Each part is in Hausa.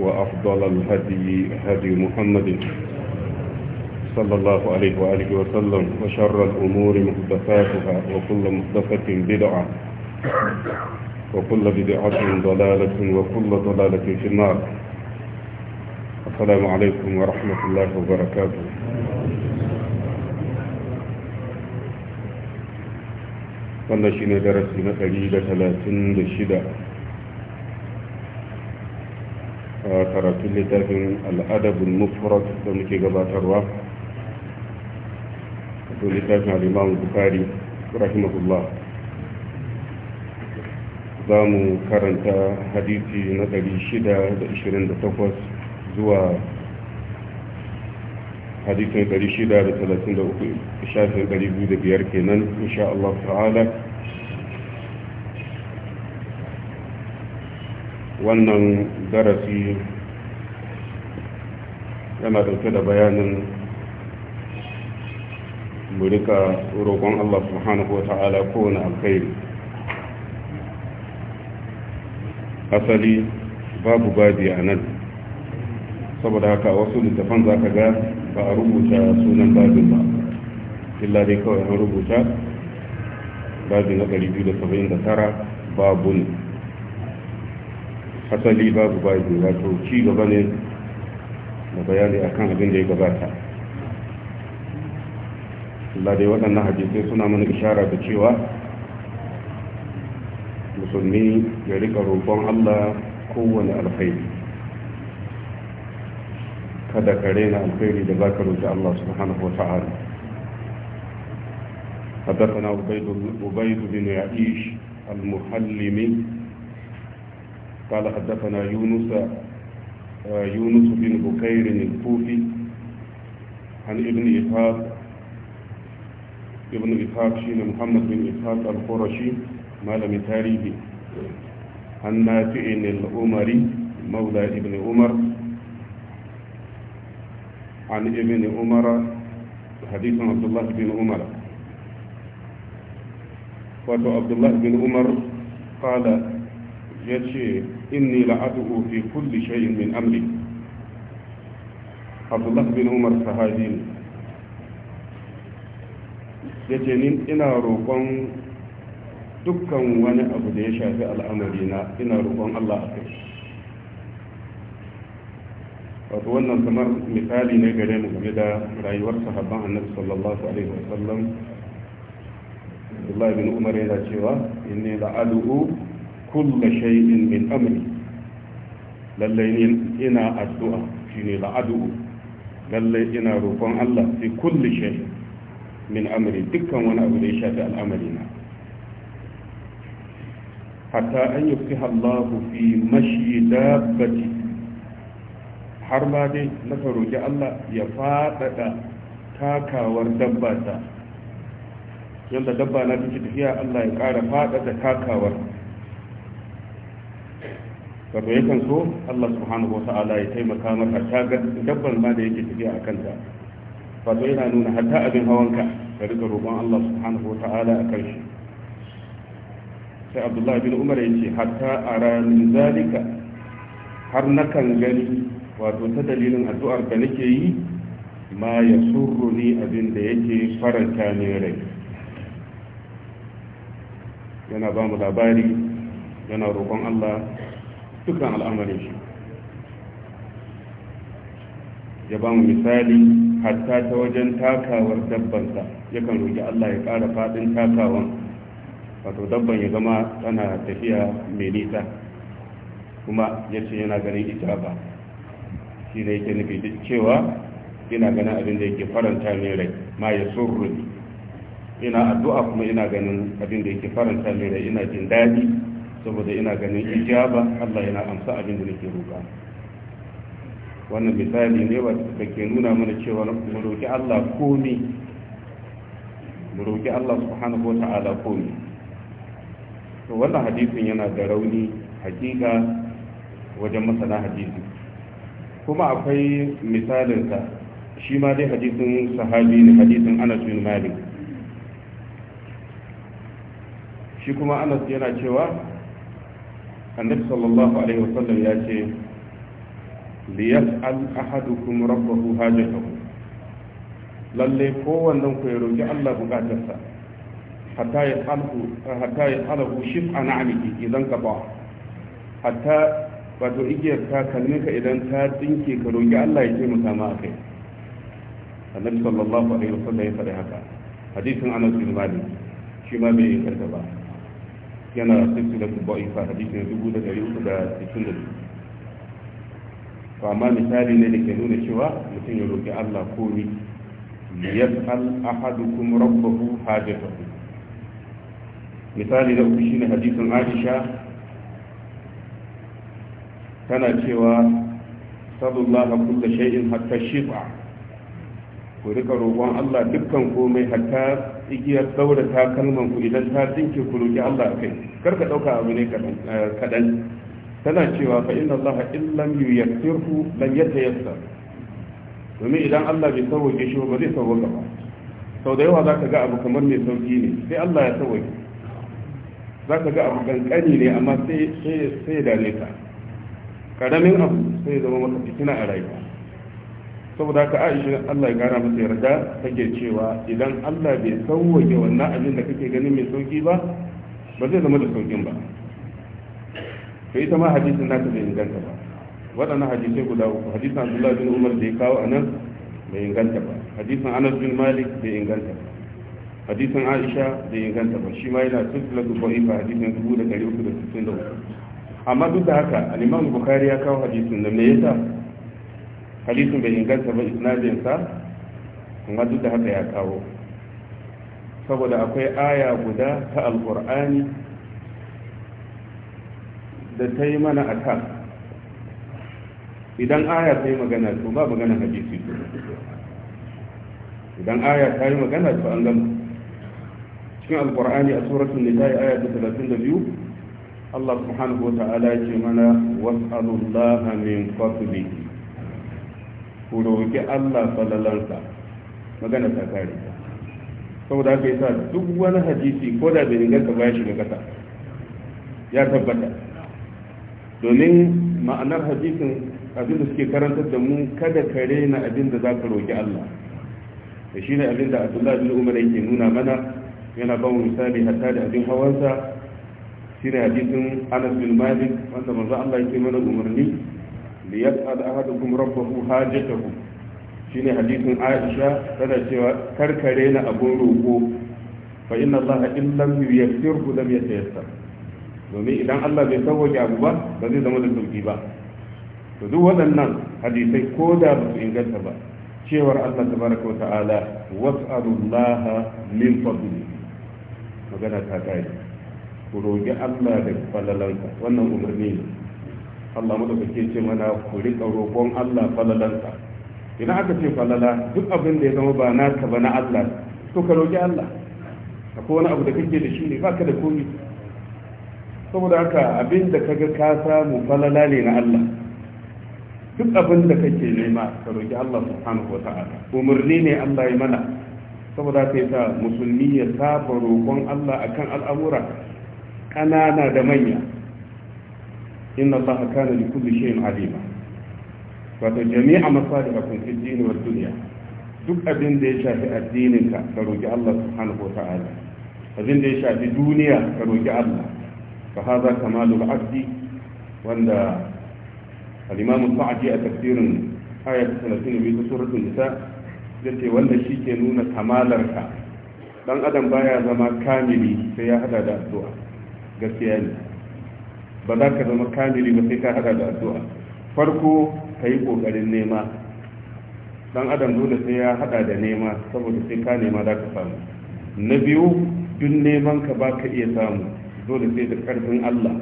وأفضل الهدي هدي محمد صلى الله عليه وآله وسلم وشر الأمور محدثاتها وكل محدثة بدعة وكل بدعة ضلالة وكل ضلالة في النار السلام عليكم ورحمة الله وبركاته wannan shi ne ثلاثين na karatun littafin al'adabin mufrad da muke gabatarwa to littafin al'imam bukari rahimahullah za mu karanta hadisi na 628 zuwa hadisin 633 shafin 205 kenan insha Allah ta'ala wannan darasi yana dauke da bayanin murika roƙon Allah subhanahu wa ta'ala kowane alkhairi asali babu babi a nan saboda haka wasu littafan za ka ga ba a rubuta sunan babin ba illa dai kawai an rubuta babi na 279 babu ne Hasali babu babu wato ci gaba ne da bayani akan abin da ya gabata Allah dai waɗannan hadisai suna mana ishara da cewa musulmi ya rika roƙon Allah kowane alkhairi kada ka rena alkhairi da baka roƙi Allah subhanahu wa ta'ala حدثنا عبيد بن يعيش المحلمي قال حدثنا يونس يونس بن بكير الكوفي عن ابن إسحاق ابن إسحاق شين محمد بن إسحاق القرشي مالم تاريخي عن نافع الأمري مولى ابن عمر عن ابن عمر حديث عبد الله بن عمر وعبد الله بن عمر قال يشي inni la'aduhu fi kulli shay'in min amri abdullah bin umar sahabi ne yace ni ina roƙon dukkan wani abu da ya shafi al'amari na ina roƙon Allah a kai wato wannan kamar misali ne gare mu game da rayuwar sahabban annabi sallallahu alaihi wasallam Abdullahi bin Umar yana cewa inni la'alu'u kulla shay'in min amri lallai ina addu'a shine la'adu lallai ina roƙon Allah fi kulli shay'in min amri dukkan wani abu da ya shafi al'amari na hatta an yuftiha Allah fi har ma dai na roƙi Allah ya faɗaɗa takawar dabba ta yadda dabba na take tafiya Allah ya ƙara faɗaɗa takawar wato yakan so Allah subhanahu wa ta'ala ya taimaka maka ta dabbar ma da yake tafiya a kanta wato yana nuna hatta abin hawanka ka rika roƙon Allah subhanahu wa ta'ala a kan shi sai Abdullahi bin Umar yace hatta ara min zalika har nakan gani wato ta dalilin addu'ar da nake yi ma ya surruni abin da yake faranta ne rai yana ba mu labari yana roƙon Allah dukkan al'amarin shi ya ba mu misali hatta ta wajen takawar dabbansa yakan roƙi Allah ya ƙara faɗin takawan wato dabban ya zama tana tafiya mai nisa kuma ya ce yana ganin ita ba shi ne yake nufi duk cewa ina ganin abin da yake faranta mai rai ma ya tsoron ina addu'a kuma ina ganin abin da yake faranta mai rai ina jin daɗi saboda ina ganin ijaba Allah yana amsa abin da nake roƙa wannan misali ne ba da ke nuna mana cewa mu roƙi Allah komi mu roƙi Allah subhanahu wata'ala komi to wannan hadisin yana da rauni hakika wajen masana hadisi kuma akwai misalinsa shi ma dai hadisin sahabi ne hadisin Anas bin Malik shi kuma anas yana cewa annabi sallallahu alaihi wasallam ya ce liyas'al ahadukum rabbahu hajatahu lalle kowannen ku ya roki Allah bukatarsa hatta ya alhu hatta ya alhu shif'a na'amiki idan ka ba hatta wato igiyar ta kalmi ka idan ta dinke ka roki Allah ya taimaka ma akai annabi sallallahu alaihi wasallam ya faɗi haka hadisin Anas bin Malik shi ma bai karka ba yana da su ba'ifa hadisi na dubu da dari uku da cikin da biyu to amma misali ne da ke nuna cewa mutum ya roƙi Allah ko komi liyas'al ahadukum rabbahu hajatahu misali da uku shine hadisin Aisha tana cewa sallallahu kullu shay'in hatta shifa ku rika roƙon Allah dukkan komai hatta igiyar ta takalman ku idan ta tsinke ku roƙi Allah kai kar ka dauka abu ne kadan eh, tana cewa fa inna Allah illam yuyassirhu lam yatayassar domin idan Allah bai sauke shi ba zai sauka ba sau da yawa zaka ga abu kamar mai sauki ne sai Allah ya sauke zaka ga abu kankani ne amma sai sai sai da ne ka karamin abu sai zama masa fitina a rayuwa saboda haka aisha Allah ya gara masa yarda take cewa idan Allah bai sauwaje wannan abin da kake ganin mai sauki ba ba zai zama da saukin ba to ita ma hadisin nata bai inganta ba waɗannan hadisai guda uku hadisin Abdullah bin Umar da ya kawo anan bai inganta ba hadisin Anas bin Malik bai inganta ba hadisin Aisha bai inganta ba shi ma yana silsilatu da'ifa hadisin 1363 amma duk da haka al-Imam Bukhari ya kawo hadisin da me yasa hadisin bai inganta ba isnadinsa amma duk da haka ya kawo saboda akwai aya guda ta alkur'ani da ta yi mana a kan idan aya ta yi magana to ba magana hadisi idan aya ta yi magana to an gama cikin alkur'ani a suratun yi aya ta biyu. Allah subhanahu wa ta'ala ce mana was'alullaha min fadlihi ku roƙi Allah falalansa magana ta kare saboda haka yasa duk wani hadisi ko da bai dinga ka ya shiga kasa ya tabbata domin ma'anar hadisin abinda suke karantar da mu kada ka rena abinda za ka roƙi Allah da shi ne abinda Abdullah bin umar yake nuna mana yana ba mu misali hatta da abin hawansa shi ne hadisin anas bin malik wanda manzo Allah yake mana umarni liyas'al ahadukum rabbahu hajatahu shine hadisin Aisha tana cewa karkare na abun roƙo fa inna Allah in lam yassirhu lam yatayassar domin idan Allah bai sauwaje abu ba ba zai zama da sauƙi ba to duk waɗannan hadisai ko da ba su inganta ba cewar Allah tabaraka wa ta'ala was'alullah min fadli magana ta kai ku roƙi Allah da falalanka wannan umarni ne Allah mu da kake ce mana ku rika roƙon Allah falalansa idan aka ce falala duk abin da ya zama ba naka ba na Allah to ka roƙi Allah akwai wani abu da kake da shi ne ba ka da komi. saboda haka abin da ga ka samu falala ne na Allah duk abin da kake nema ka roƙi Allah subhanahu wa ta'ala umarni ne Allah ya mana saboda haka yasa musulmi ya saba roƙon Allah akan al'amura ƙanana da manya inna allaha kana li kulli shay'in alima wato jami'a masalihakum fid dini wa dunya duk abin da ya shafi addinin ka ka roki Allah subhanahu wa ta'ala abin da ya shafi duniya ka roki Allah fa hadha kamalul abdi wanda al-imam sa'di a tafsirin ayat 32 ta suratul nisa yace wanda shi ke nuna kamalar ka dan adam baya zama kamili sai ya hada da addu'a gaskiya ne ba za ka zama kamili ba sai ka hada da addu'a farko ka yi ƙoƙarin nema dan adam dole sai ya hada da nema saboda sai ka nema za ka samu na biyu duk neman ka ba ka iya samu dole sai da ƙarfin allah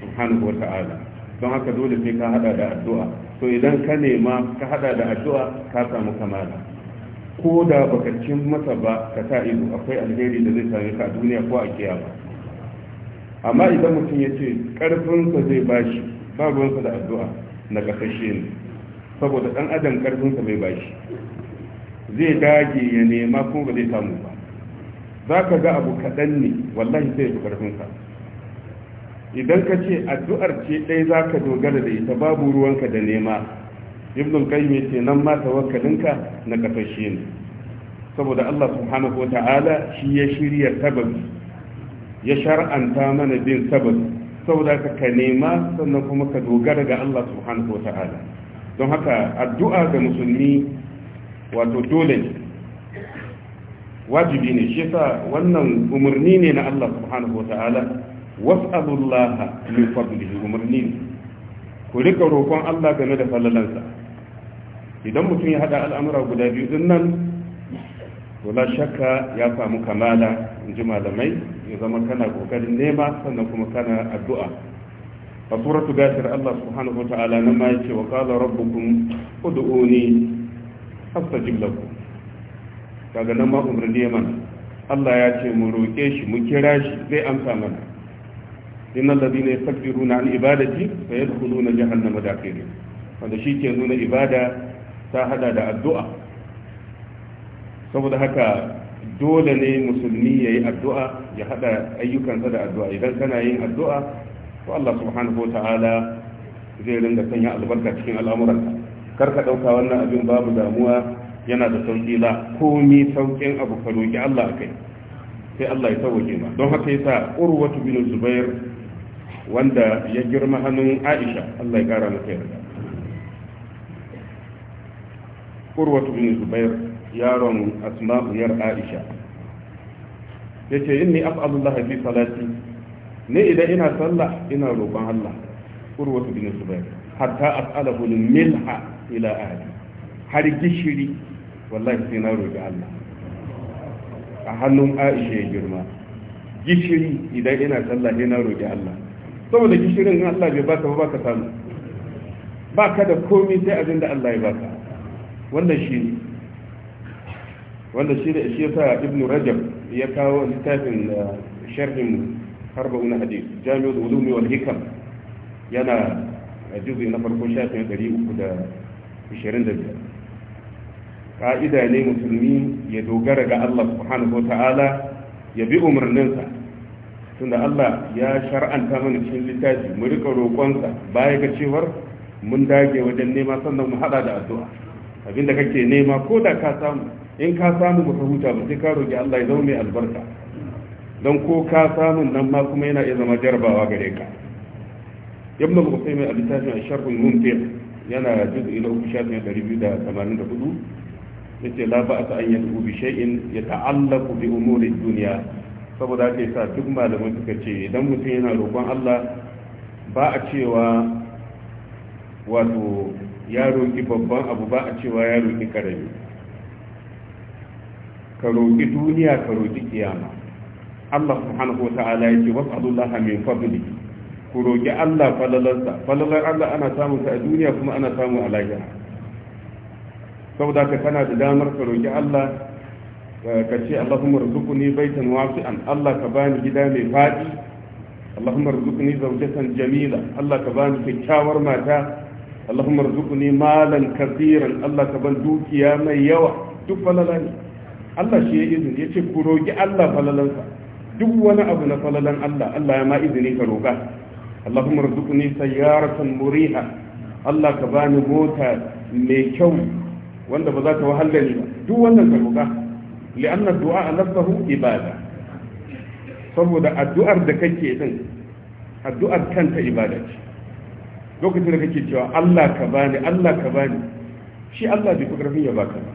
subhanahu wa ta'ala don haka dole sai ka hada da addu'a to idan ka nema ka hada da addu'a ka samu kamala ko da baka cin masa ba ka sa ido akwai alheri da zai same ka a duniya ko a kiyama amma idan mutum ya ce ƙarfinsa zai bashi babuwansa da addu'a na ƙasashe ne saboda ɗan adam ƙarfinsa bai bashi zai dage ya nema kuma ba zai samu ba za ka ga abu kaɗan ne wallahi sai ya fi ƙarfinsa idan ka ce addu'ar ce ɗaya za ka dogara da ita babu ruwanka da nema ibn qayyim ce nan ma tawakkalinka na kasashe ne saboda Allah subhanahu ta'ala shi ya shirya sababi ya shar'anta mana bin sababi saboda ka ka nema sannan kuma ka dogara ga Allah subhanahu wa ta'ala don haka addu'a ga musulmi wato dole ne wajibi ne shi sa wannan umarni ne na Allah subhanahu wa ta'ala was'alullaha min fadlihi umarni ne ku rika roƙon Allah game da falalansa idan mutum ya hada al'amura guda biyu din nan to shakka ya samu kamala in ji malamai ya zama kana kokarin nema sannan kuma kana addu'a a suratu gafir Allah subhanahu ta'ala nan ma yace wa qala rabbukum ud'uni astajib lakum kaga nan ma Allah ya ce mu roke shi mu kira shi zai amsa mana innal ladina yastakbiruna an ibadati sayadkhuluna jahannama dakhirin wanda shi ke nuna ibada ta hada da addu'a saboda haka dole ne musulmi ya yi addu'a ya haɗa ayyukansa da addu'a idan kana yin addu'a to Allah subhanahu wa ta'ala zai ringa sanya albarka cikin al'amuranka kar ka ɗauka wannan abin babu damuwa yana da sauƙi la komi sauƙin abu ka roƙi Allah a kai sai Allah ya sauƙi ma don haka yasa urwatu bin zubair wanda ya girma hannun Aisha Allah ya kara masa yarda urwatu bin zubair yaron asma'u yar aisha yace inni allah fi salati ne idan ina sallah ina roƙon Allah urwatu su bai? hatta as'alahu lil milha ila ahli har gishiri wallahi sai na roƙi Allah a hannun Aisha ya girma gishiri idan ina sallah sai na roƙi Allah saboda gishirin Allah bai baka ba baka samu baka da komai sai abin da Allah ya baka wannan shi. wanda shi da shi yasa ibnu rajab ya kawo littafin uh, sharhin arba'una hadith jami'ul ulumi wal hikam yana juzu na farko shafin 325 ka'ida ne musulmi ya dogara ga Allah subhanahu wa ta'ala ya bi umarninsa tunda Allah ya shar'anta mana cikin littafi mu rika roƙonsa baya ga cewar mun dage wajen nema sannan mu hada da addu'a abinda kake nema ko da ka samu in ka samu ba ka huta ba sai ka roki Allah ya zama mai albarka don ko ka samu nan ma kuma yana iya zama jarabawa gare ka ibn al-qayyim a littafin al mumtir yana juz'i na uku 284 yace la ba ta yadu bi shay'in yata'allaqu bi umuri dunya saboda haka sa duk malamin suka ce idan mutum yana roƙon Allah ba a cewa wato ya roƙi babban abu ba a cewa ya roƙi karami ka roƙi duniya ka roƙi kiyama Allah subhanahu wa ta'ala ya ce was'alullaha min fadli ku roƙi Allah falalarsa falalar Allah ana samun ta a duniya kuma ana samu a lahira saboda ka kana da damar ka roƙi Allah ka ce Allahumma rzuqni baitan wasi'an Allah ka bani gida mai fadi Allahumma rzuqni zawjatan jamila Allah ka bani kyakkyawar mata Allahumma rzuqni malan kaseeran Allah ka ban dukiya mai yawa duk falala ne Allah shi ya izini ya ce ku roƙi Allah falalansa duk wani abu na falalan Allah Allah ya ma izini ka roƙa Allahumma rzuqni sayyaratan muriha Allah ka bani mota mai kyau wanda ba za ta wahala ni ba duk wannan ka roƙa li'anna du'a nafsuhu ibada saboda addu'ar da kake din addu'ar kanta ibada ce lokacin da kake cewa Allah ka bani Allah ka bani shi Allah bai fi karfin ya baka ba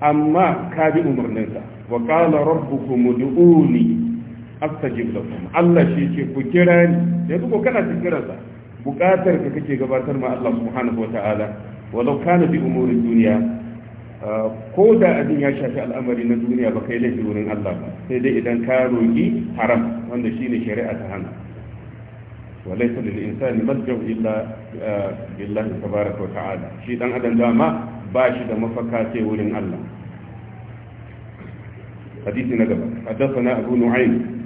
amma ka bi umarninsa wa qala rabbukum ud'uni astajib kuma Allah shi ce ku kira ni sai ku kana kiransa bukatar ka kake gabatar ma Allah subhanahu wataala walau kana bi umurin duniya ah, ko da abin ya shafi al'amari na duniya ba kai laifi wurin Allah ba sai dai idan ka roki haram wanda shine shari'a ta hana وليس للإنسان ملجأ إلا بالله تبارك وتعالى shi dan أدم داما ba shi da mafaka sai wurin Allah. Hadisi na gaba, haddasa abu nu'ayin.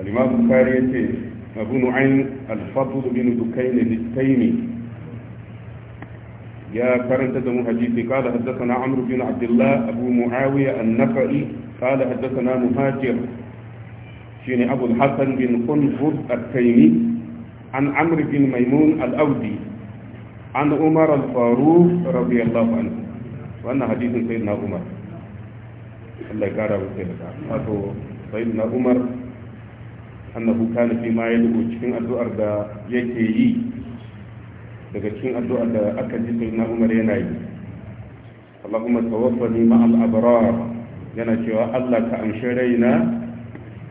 Alimabu Bukhari ya ce, abu nu'ayin alfafudu bin dukai ne littaimi. Ya karanta da mu hadisi, kada haddasa na Amru bin Abdullah abu mu'awiya an nafa'i, kada haddasa muhajir. Shi ne Abu Hassan bin Kunfur al an Amru Maimun al-Audi, an umar al-faru radiyallahu anhu wannan hadisin sai na umar Allah ya kara wa sai da wato sai na umar annahu kana fi ma yadu cikin addu'ar da yake yi daga cikin addu'ar da aka ji sai na umar yana yi Allahumma tawaffani ma'al abrar yana cewa Allah ka amshi raina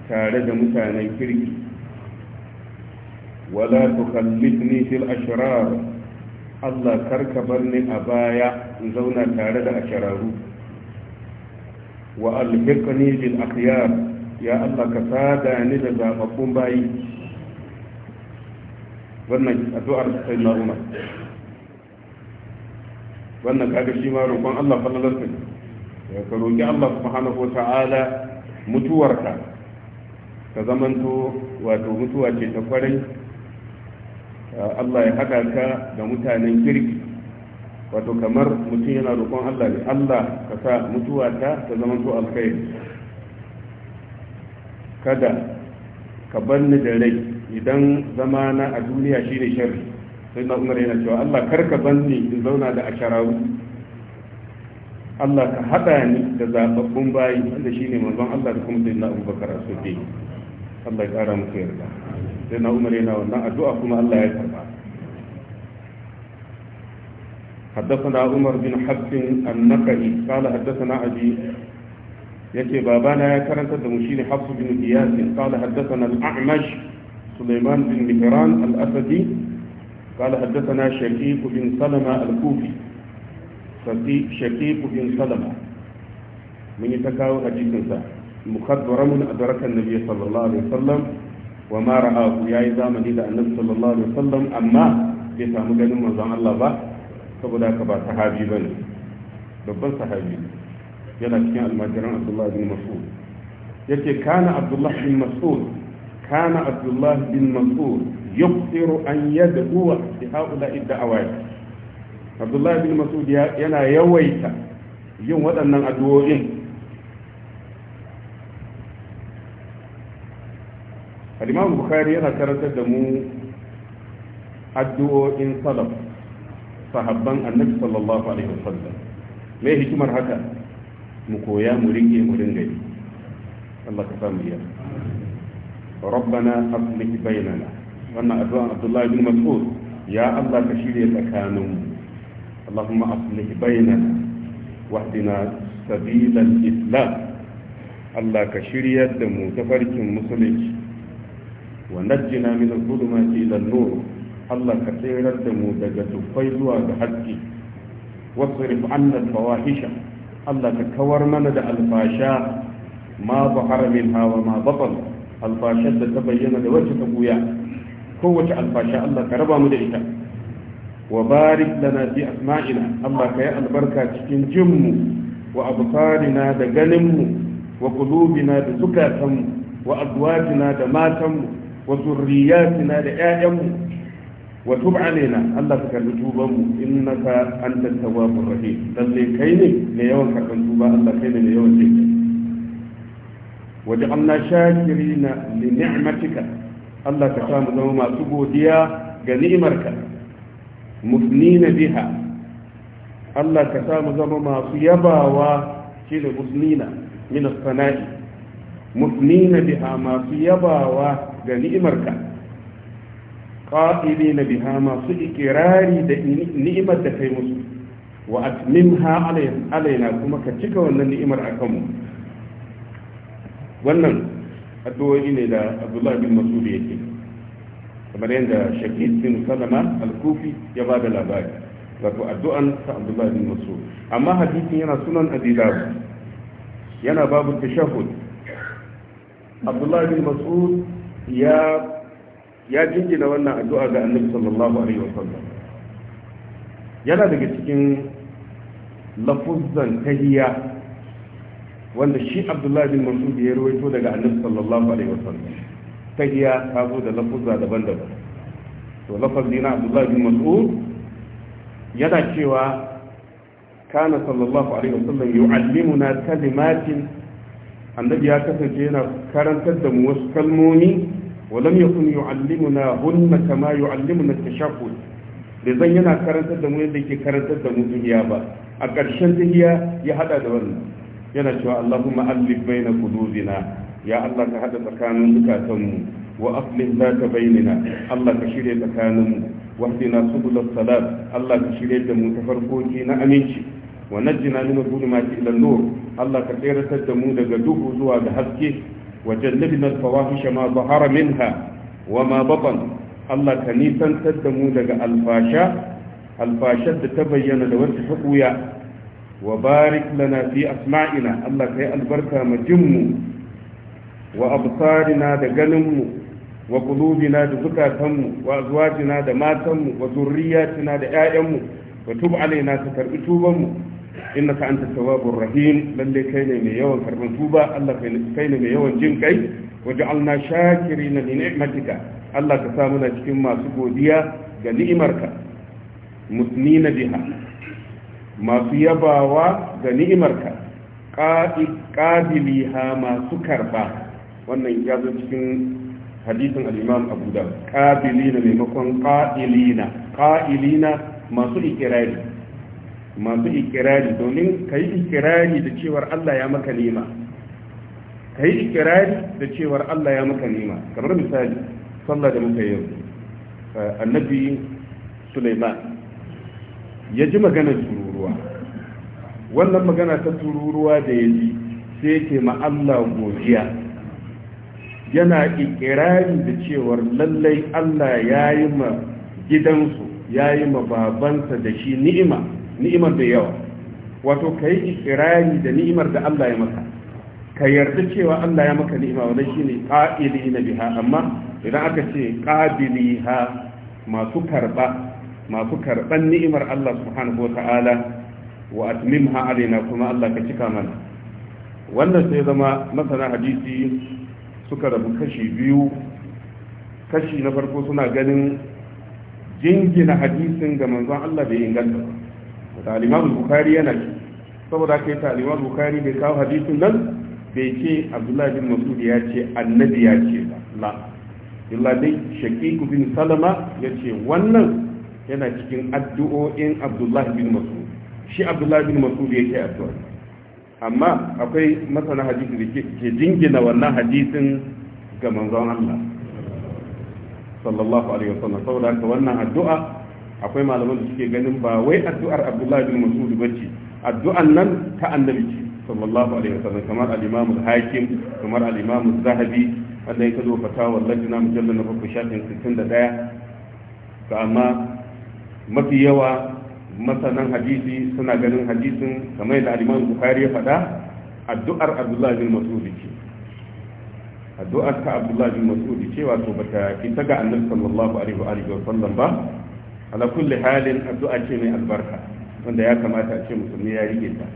tare da mutanen kirki wala tukallifni fil ashrar Allah karka bar ni a baya in zauna tare da ashararu wa alhiqni bil akhyar ya Allah ka sada ni da zababbun bayi wannan addu'ar sai na Umar wannan kaga shi ma roƙon Allah sallallahu alaihi wasallam ya ka roƙi Allah subhanahu wa ta'ala mutuwarka ka zamanto wato mutuwa ce ta kwarai Allah ya haɗa ka da mutanen kirki wato kamar mutum yana roƙon Allah ne Allah ka sa mutuwa ta ta zama to alkhairi kada ka banni da rai idan zamana a duniya shine sharri sai na umar yana cewa Allah kar ka banni in zauna da asharawu Allah ka haɗa ni da zaɓaɓɓun bayi wanda shi ne manzon Allah da kuma sai na abubakar a Allah ya ƙara muku yarda sai na umar yana wannan addu’a kuma Allah ya karba. Haddasa umar bin haƙƙin annakari, kala haddasa na aji ya ce, Babana ya karanta da mu shi ne haƙsu bin Iyasin, kala haddasa na al’amash, Suleiman bin Mikiran al’asadi, kala haddasa na Shakiku bin Salama al-Kufi, sassi Shakiku bin Salama. Mun yi ta kawo hajjikinsa, mu kaddara mun a darakan Nabiya sallallahu Alaihi wasallam, wa ma ya yi zamani da annabi sallallahu alaihi wasallam amma bai samu ganin manzon Allah ba saboda haka ba sahabi ba ne. babban sahabi yana cikin almajiran Abdullahi bin Mas'ud yace kana Abdullahi bin Mas'ud kana Abdullahi bin Mas'ud yuqtiru an yad'u bi haula ad-da'awat Abdullah bin Mas'ud yana yawaita yin waɗannan addu'o'in al-imam bukhari yana karantar da mu addu'o'in salaf sahabban annabi sallallahu alaihi wasallam me hikimar haka mu koya mu rike mu dinga yi Allah ka samu ya rabbana aslih bainana wannan addu'a Abdullah ibn Mas'ud ya Allah ka shirye tsakaninmu Allahumma aslih bainana wahdina sabilal islam Allah ka shiryar da mu tafarkin musulunci wa najjina min al-zulumati ila an-nur Allah ka tsirar da mu daga tuffai zuwa ga haske wasrif anna al-fawahisha Allah ka kawar mana da alfasha ma zahara minha wa ma batal alfashar da ta bayyana da wacce ta buya kowace alfasha Allah ka raba mu da ita wa barik lana Allah albarka cikin jinmu wa absarina da mu. wa qulubina da zukatanmu wa azwajina da matanmu wa zurriyatina da ƴaƴanmu wa tub alaina Allah ka karbi tuban mu innaka antat tawwabur rahim lalle kai ne ne yawan karban tuba Allah kai ne ne yawan jinka waj'alna shakirina li ni'matika Allah ka samu zama masu godiya ga ni'imarka musnina biha Allah ka samu zama masu yabawa shi musnina min musnina biha masu yabawa ga ni'imarka ƙa'ili na biha masu ikirari da ni'imar da kai musu wa atmimha alaina kuma ka cika wannan ni'imar a kanmu wannan addu'o'i ne da abdullahi bin masudi yake kamar yadda shakir bin salama al-kufi ya ba da labari wato addu'an ta abdullahi bin masud amma hadisin yana sunan abi yana babu tashahhud abdullahi bin masud ya ya jingina wannan addu'a ga annabi sallallahu alaihi wasallam yana daga cikin lafuzan tahiyya wanda shi abdullahi bin masud ya rawaito daga annabi sallallahu alaihi wasallam tahiyya ta zo da lafuzza daban-daban to lafazi na abdullahi bin masud yana cewa kana sallallahu alaihi wasallam yu'allimuna kalimatin annabi ya kasance yana karantar da mu wasu kalmomi ولم يكن يعلمنا هن كما يعلمنا التشهد zan yana karantar da mu yadda ke karantar da mu duniya ba a ƙarshen tahiya ya hada da wannan yana cewa Allahumma allif baina qulubina ya Allah ka hada tsakanin mu wa aslih zata bainina Allah ka shirye tsakaninmu wahdina subul salat Allah ka shirye da mu ta farkoki na aminci wa najjina min dhulumati ila nur Allah ka tsiratar da mu daga duhu zuwa ga haske وجنبنا الفواحش ما ظهر منها وما بطن الله كنيسا تدمو دقى الفاشا الفاشا تبين لوجه حقويا وبارك لنا في أسماعنا الله كي البركة مجمو وأبصارنا دقنمو وقلوبنا دزكاتمو وأزواجنا دماتمو وذرياتنا دآيمو وتب علينا تكرئتوبمو innaka anta tawwabur rahim lalle kai ne mai yawan karban tuba Allah kai ne mai yawan jin kai waj'alna shakirina li ni'matika Allah ka sa muna cikin masu godiya ga ni'imarka musnina biha masu yabawa ga ni'imarka qadiliha masu karba wannan ya zo cikin hadisin al-Imam Abu Dawud qabilina maimakon qa'ilina qa'ilina masu ikirari masu ikirari domin ka yi ikirari da cewar Allah ya maka nema ka yi ikirari da cewar Allah ya maka nema kamar misali sallah da muka yau eh, annabi Sulaiman ya ji maganar tururuwa wannan magana ta tururuwa da ya ji sai yake ma Allah godiya yana ikirari da cewar lallai Allah ya yi ma gidansu ya yi ma babansa da shi ni'ima ni'imar da yawa wato ka yi ikirari da ni'imar da Allah ya maka ka yarda cewa Allah ya maka ni'ima wannan shine qa'ili na biha amma idan aka ce qabiliha masu karba masu karban ni'imar Allah subhanahu wata'ala wa atmimha alaina kuma Allah ka cika mana wannan sai zama masana hadisi suka rabu kashi biyu kashi na farko suna ganin jingina hadisin ga manzon Allah bai inganta ba al bukari bukhari yana ce saboda kai yi al bukari bukhari bai kawo hadisin nan bai ce abdullahi bin mas'ud ya ce annabi ya ce ba la illa dai bin salama ya ce wannan yana cikin addu'o'in abdullahi bin mas'ud shi abdullahi bin mas'ud yake addu'a amma akwai masana hadisi da ke jingina wannan hadisin ga manzon Allah sallallahu alaihi wasallam saboda wannan addu'a akwai malaman da suke ganin ba wai addu'ar abdullahi bin mas'ud bace addu'an nan ta annabi ce sallallahu alaihi wasallam kamar al-imam al-hakim kamar al-imam az-zahabi wanda ya kazo fatawa lajna mujallal na bakwai shafin 61 Ga amma mafi yawa masanan hadisi suna ganin hadisin kamar da al-imam bukhari ya faɗa addu'ar abdullahi bin mas'ud ce addu'ar ta abdullahi bin mas'ud ce wato bata fita ga annabi sallallahu alaihi wa alihi wa sallam ba ala kulli halin addu'a ce mai albarka wanda ya kamata a ce musulmi ya rike ta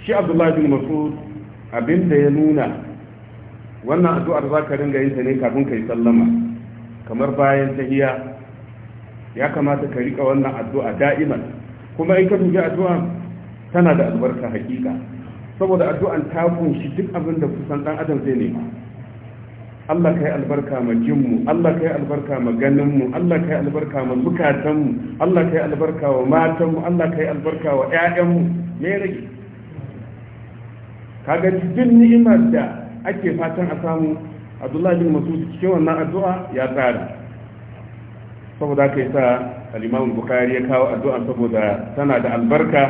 shi abdullahi bin mas'ud abin da ya nuna wannan addu'ar za ka ringa yin ta ne kafin ka yi sallama kamar bayan tahiya ya kamata ka rika wannan addu'a da'iman kuma in ka dubi addu'a tana da albarka hakika saboda addu'an ta kunshi duk abin da kusan dan adam zai nema Allah kai albarka ma jinmu Allah kai albarka ma ganinmu Allah kai albarka ma zukatanmu Allah kai albarka wa matanmu Allah kai albarka wa ƴaƴanmu me rage kaga duk ni'imar da ake fatan a samu Abdullahi bin Mas'ud cikin wannan addu'a ya tsara saboda kai sa al-Imam Bukhari ya kawo addu'a saboda tana da albarka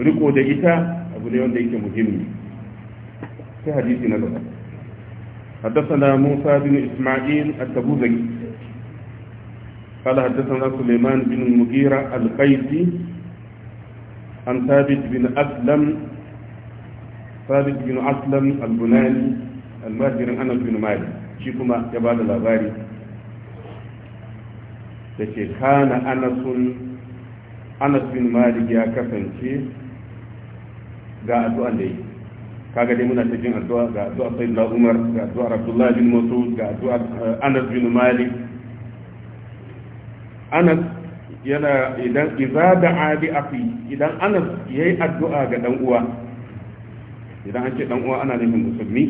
riko da ita abu ne wanda yake muhimmi sai hadisi na gaba حدثنا موسى بن إسماعيل التبوذي قال حدثنا سليمان بن المغيرة القيسي عن ثابت بن أسلم ثابت بن أسلم البناني المهجر أنا بن مالي شيكما يبال الأغاري تشي كان أنس أنس بن مالك يا كفن شيخ ga addu'an da yi kaga dai muna ta jin addu'a ga addu'a sayyidina umar ga addu'a abdullah bin mas'ud ga addu'a eh, anas bin malik anas yana idan iza da abi afi idan anas yayi addu'a ga dan uwa idan an ce dan uwa ana nufin musulmi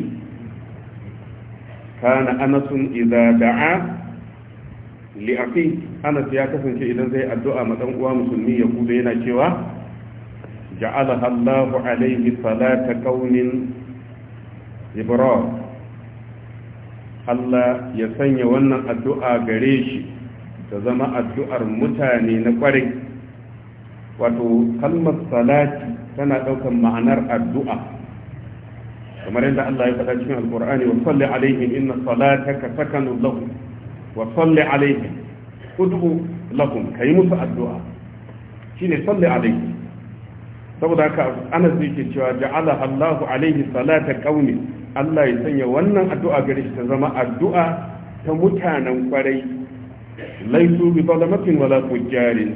kana anasun iza da'a li afi anas ya kasance idan zai addu'a ma dan uwa musulmi ya kuda yana cewa جعلها الله عليه صلاة كون إبراهيم Allah ya sanya wannan addu’a gare shi ta zama addu’ar mutane na ƙwarai, wato kalmar salati tana ɗaukar ma’anar addu’a, kamar yadda Allah ya faɗa cikin alkur'ani wa salli alaihim inna salata ka sakanu lahum wa salli alaihim kudu lahum ka addu’a shi salli alaihim saboda haka ana yake cewa ja'ala Allahu alaihi salata kauni Allah ya sanya wannan addu'a gare shi ta zama addu'a ta mutanen kwarai laisu bi zalamatin wala fujjarin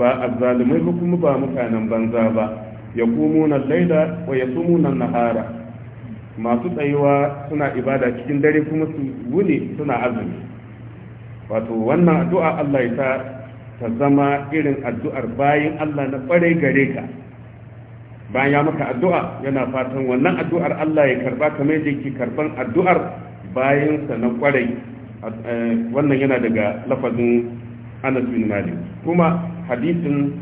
ba azzalimai ba kuma ba mutanen banza ba yaqumuna al-laila wa yasumuna an-nahara masu tsayuwa suna ibada cikin dare kuma su wuni suna azumi wato wannan addu'a Allah ya ta ta zama irin addu'ar bayan Allah na ɓare gare ka bayan ya maka addu'a yana fatan wannan addu'ar Allah ya karba kamar yadda yake karban addu'ar bayansa na ƙwarai eh, wannan yana daga lafazin Anas bin Malik kuma hadisin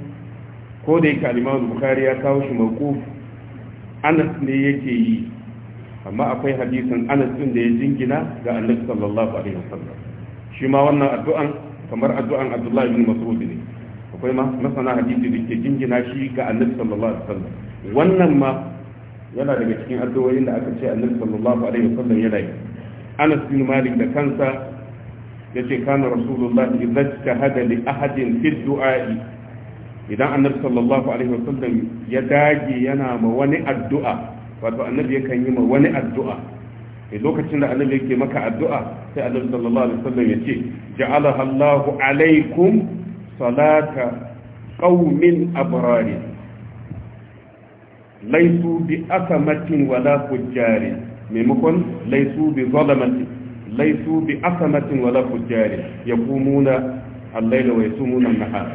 ko da yake alimawar bukari Bukhari ya kawo shi mako Anas ne yake yi amma akwai hadisin Anas din da ya jingina ga Annabi sallallahu alaihi wasallam shi ma wannan addu'an kamar addu'an abdullahi bin mas'ud ne akwai masana hadisi da ke jingina shi ga annabi sallallahu alaihi wasallam wannan ma yana daga cikin addu'o'in da aka ce annabi sallallahu alaihi wasallam yana yi anas bin malik da kansa yace kana rasulullah idza tahada li ahadin fi du'a'i idan annabi sallallahu alaihi wasallam ya dage yana ma wani addu'a wato annabi yakan yi ma wani addu'a Eh, lokacin da annabi yake maka addu'a sai annabi sallallahu alaihi wasallam yace ja'ala Allahu alaykum salata qaumin abrari laisu bi asamatin wala fujjari maimakon laisu bi zalamati laisu bi asamatin wala fujjari yaqumuna al-layla wa yasumuna an-nahar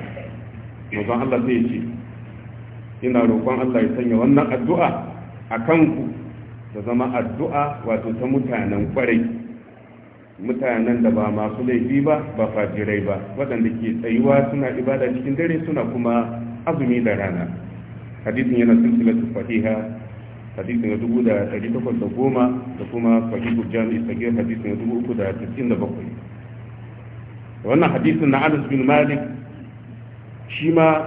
manzon Allah sai ce ina roƙon Allah ya sanya wannan addu'a akan ku ta zama addu'a wato ta mutanen kwarai mutanen da ba masu laifi ba ba fajirai ba waɗanda ke tsayuwa suna ibada cikin dare suna kuma azumi da rana hadisin yana silsilatu fahiha hadisin na dubu da ɗari takwas da goma da kuma fahihu jami'i sagir hadisin na dubu uku da tisin da bakwai wannan hadisin na anas bin malik shi ma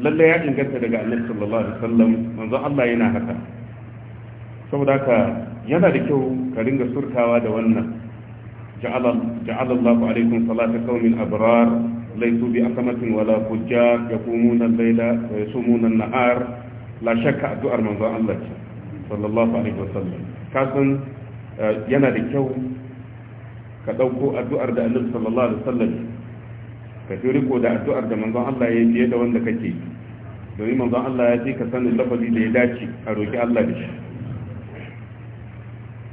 lallai ya inganta daga annabi sallallahu alaihi wasallam manzon Allah yana haka saboda haka yana da kyau ka ringa surkawa da wannan ja'ala Allahu alaikum salata qaumil abrar laysu bi asamatin wala fujjar yaqumuna al-layla wa yasumuna an-nahar la shakka addu'ar manzon Allah sallallahu alaihi wasallam kasan eh, yana da kyau ka dauko addu'ar da Annabi sallallahu alaihi wasallam ka ji riko da addu'ar da manzon Allah ya yi da wanda kake domin manzon Allah ya ce ka sanin lafazi da ya dace a roki Allah da shi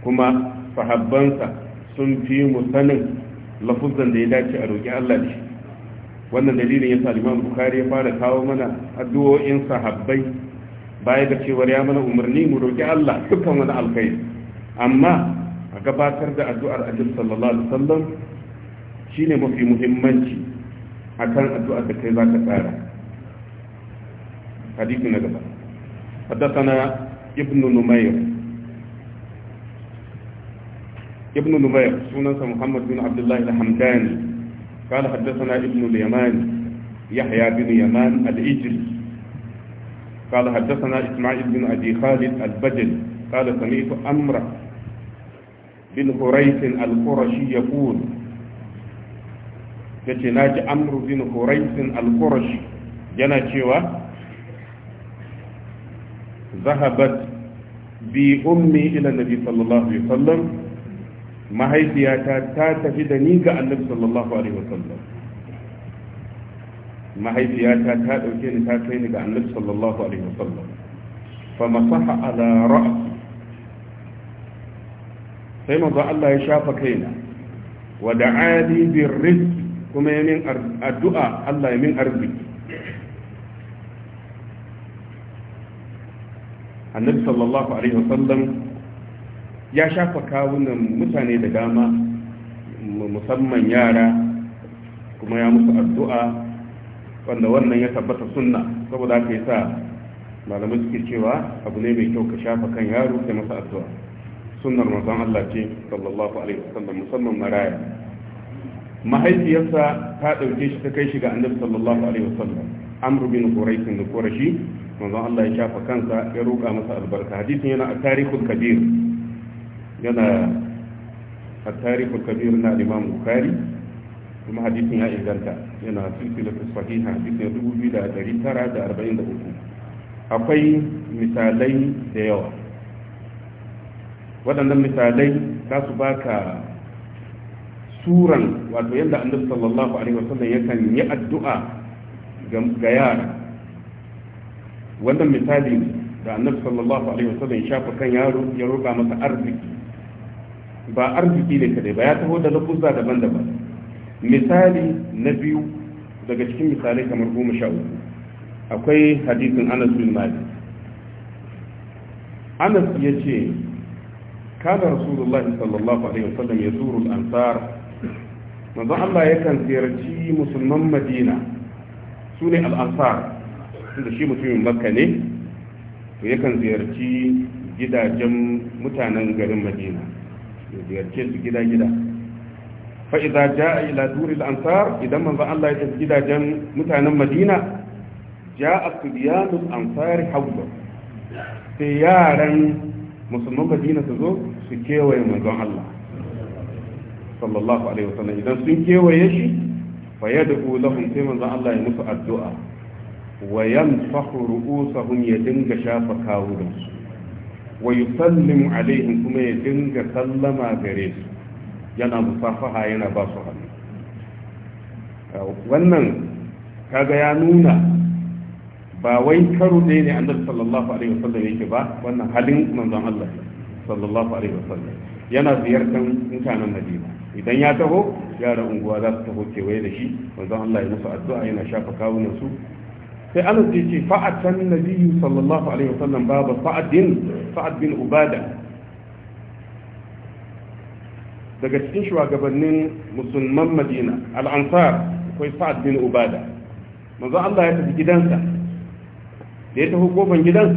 kuma sahabbansa sun fi musanin lafuzan da ya dace a roƙi Allah shi wannan dalilin yasa Imam Bukhari ya fara kawo mana addu'o'in sahabbai baya ga cewar ya mana umarni mu roƙi Allah dukkan wani alkhairi amma a gabatar da addu'ar Annabi sallallahu alaihi wasallam shine mafi muhimmanci akan addu'ar da kai zaka tsara hadisi na gaba حدثنا ابن نمير ابن نبير سنن محمد بن عبد الله الحمداني قال حدثنا ابن اليمان يحيى بن يمان الإجل قال حدثنا إسماعيل بن أبي خالد البجل قال سمعت أمر بن هريث القرشي يقول yace أمر بن amru القرشي جنا al ذهبت بأمي إلى النبي صلى الله عليه وسلم mahaifiyata ta tafi da ni ga annabi sallallahu alaihi wasallam mahaifiyata ta dauke ni ta kai ni ga annabi sallallahu alaihi wasallam fa masaha ala ra'si sai manzo Allah ya shafa kaina wa da'ali birrizq kuma ya min addu'a Allah ya min arziki annabi sallallahu alaihi wasallam ya shafa kawunan mutane da dama musamman yara kuma ya musu addu'a wanda wannan ya tabbata sunna saboda haka yasa malamai suke cewa abu ne mai kyau ka shafa kan yaro sai masa addu'a sunnar mazan Allah ce sallallahu alaihi wasallam musamman maraya mahaifiyarsa ta dauke shi ta kai shi ga annabi sallallahu alaihi wasallam amru bin quraysh da qurashi manzon Allah ya shafa kansa ya roƙa masa albarka hadisin yana a tarihul kabir yana a tarihul kabir na imam bukari kuma hadisin ya inganta yana silsilatu sahiha hadisin 2943 akwai misalai da yawa waɗannan misalai za su ba ka suran wato yadda annabi sallallahu alaihi wasallam yakan yi addu'a ga yara wannan misali da annabi sallallahu alaihi wasallam ya shafa kan yaro ya roƙa masa arziki ba arziki ne kadai ba ya taho da lafuzza daban-daban misali na biyu daga cikin misalai kamar goma sha uku akwai hadisin anas bin malik anas ya ce kada rasulullahi sallallahu alaihi wasallam ya zuru al'ansar ansar Allah Allah yakan ziyarci musulman Madina su ne al-ansar da shi mutumin Makka ne to yakan ziyarci gidajen mutanen garin Madina ya ziyarce su gida gida fa idza jaa ila duril ansar idan manzo Allah ya tafi gidajen mutanen Madina su tubyanul ansar hausa sai yaran musulman Madina su zo su kewaye manzon Allah sallallahu alaihi wasallam idan sun kewaye shi fa yad'u lahum sai manzon Allah ya musu addu'a wa yamsahu ru'usahum ya dinga shafa kawunansu wa yusallimu alaihim kuma ya dinga sallama gare su yana musafaha yana ba su hannu wannan kaga ya nuna ba wai karo ɗaya ne annabi sallallahu alaihi wasallam yake ba wannan halin manzon Allah sallallahu alaihi wasallam yana ziyartar mutanen Madina idan ya taho yara unguwa za su taho kewaye da shi manzon Allah ya musu addu'a yana shafa kawunan su sai anas ya ce fa'atan nabiyyu sallallahu alaihi wasallam baba fa'adin fa'ad bin ubada daga cikin shugabannin musulman madina al-ansar akwai sa'ad bin ubada manzo Allah ya tafi gidansa da ya tafi kofan gidan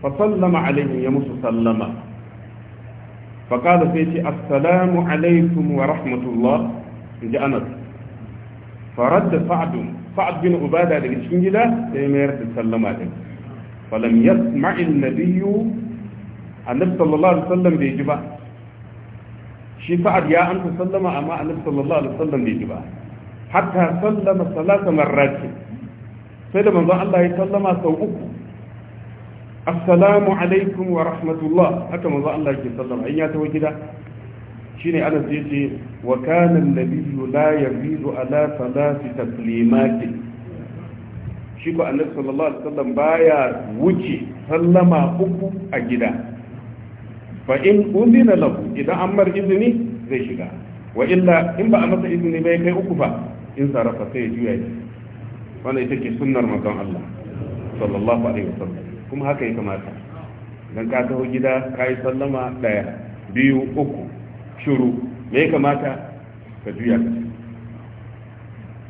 fa sallama alaihim ya musu sallama fa qala sai ce assalamu alaikum wa rahmatullah inji anas fa radda sa'ad bin ubada daga cikin gida ya mayar da sallama din falam yasma'i an-nabiyyu annabi sallallahu alaihi wasallam bai ji ba shi sa'ad ya amsa sallama amma annabi sallallahu alaihi wasallam bai ji ba hatta sallama salasa marrat sai da manzon Allah ya sallama sau uku assalamu alaikum wa rahmatullah haka manzon Allah ya sallama in ya tawo gida shine anas ce wa kana an-nabiyyu la yabidu ala salati taslimati shi ko annabi sallallahu alaihi wasallam baya wuce sallama uku a gida fa in udina lahu idan an mar izini zai shiga wa illa in ba a masa izini bai kai uku fa in sarrafa sai ya juya ne wannan ita ce sunnar manzon Allah sallallahu alaihi wasallam kuma haka ya kamata dan ka taho gida kai sallama daya biyu uku shiru me ya kamata ka juya ka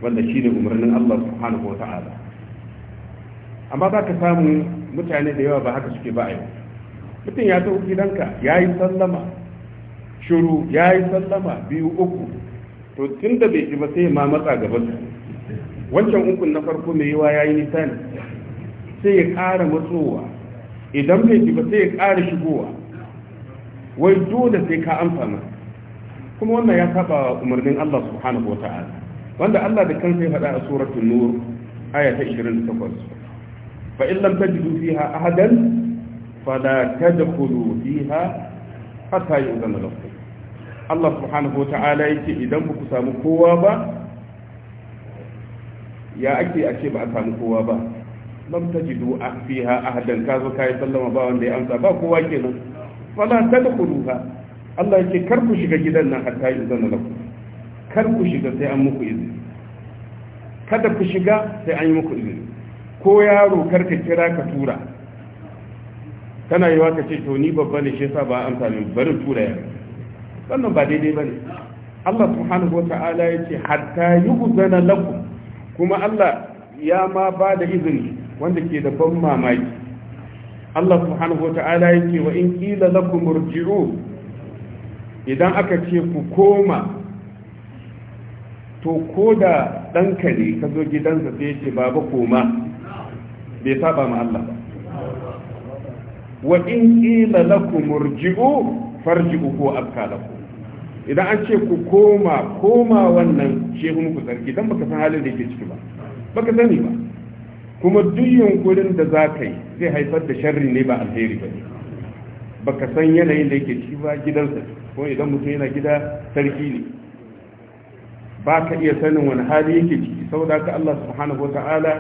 wanda shi ne umarnin Allah subhanahu wa ta'ala amma za ka samu mutane da yawa ba haka suke ba a yau mutum ya tafi gidanka ya yi sallama shiru ya yi sallama biyu uku to tun da bai ji ba sai ma matsa su wancan ukun na farko mai yawa ya yi nisan sai ya ƙara matsowa idan bai ji ba sai ya ƙara shigowa wai dole sai ka amsa masa kuma wannan ya saba umarnin Allah subhanahu wa ta'ala wanda Allah da kansa ya faɗa a suratul nur aya ta 28 fa in lam tajidu fiha ahadan fala tadkhulu fiha hatta yu'zana lakum Allah subhanahu wa ta'ala yake idan ku samu kowa ba ya ake a ce ba a samu kowa ba lam tajidu fiha ahadan kazo kai sallama ba wanda ya amsa ba kowa kenan fala tadkhuluha Allah ya ce kar ku shiga gidan nan hatta yi zana lafu kar ku shiga sai an muku izini kada ku shiga sai an yi muku izini ko yaro kar ka kira ka tura tana yiwa ka ce to ni babba ne shi yasa ba amsa min bari tura yaro wannan ba daidai bane Allah subhanahu wata'ala ya ce hatta yi zana lafu kuma Allah ya ma ba da izini wanda ke da ban mamaki Allah subhanahu wata'ala ya ce wa in kila lakum murji'u idan aka ce ku koma to ko da ɗanka ne ka zo gidansa sai ce baba koma bai saba ma Allah ba wa in ƙila lakum murji'u farji'u ko afka idan an ce ku koma koma wannan shehu ku tsarki dan baka san halin da yake ciki ba baka sani ba kuma duk yunkurin da za ka yi zai haifar da sharri ne ba alheri ba ne baka san yanayin da yake ciki ba gidansa ko idan mutum yana gida sarki ne ba ka iya sanin wani hali yake ciki saboda ka Allah subhanahu wa ta'ala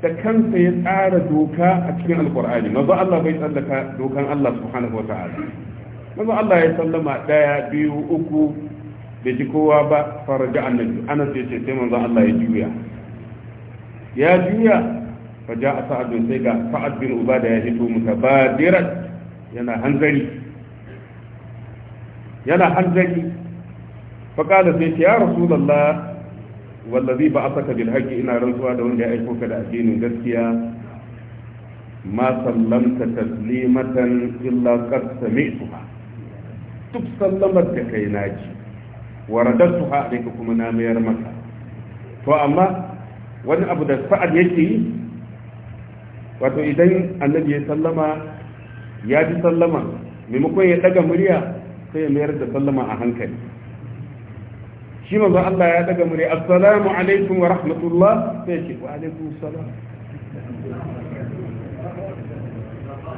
da kansa ya tsara doka a cikin alkur'ani maza Allah bai tsallaka dokan Allah subhanahu wa ta'ala maza Allah ya sallama daya biyu uku da ji kowa ba faraja annabi anas ya ce sai manzo Allah ya juya ya juya fa ja'a sa'ad bin sai ga sa'ad bin ubada ya hito mutabadiran yana hanzari yana hanzari faƙada sai ce ya rasulallah wallazi ba asaka bil haqqi ina rantsuwa da wanda ya aiko ka da addinin gaskiya ma sallamta taslimatan illa qad sami'tuha duk sallamar da kai naji wa radatuha alayka kuma na mayar maka to amma wani abu da sa'ad yake yi wato idan annabi ya sallama ya ji sallama maimakon ya daga murya sai ya mayar da sallama a hankali shi manzo Allah ya daga murya assalamu alaikum wa rahmatullah sai ya ce wa alaikum salam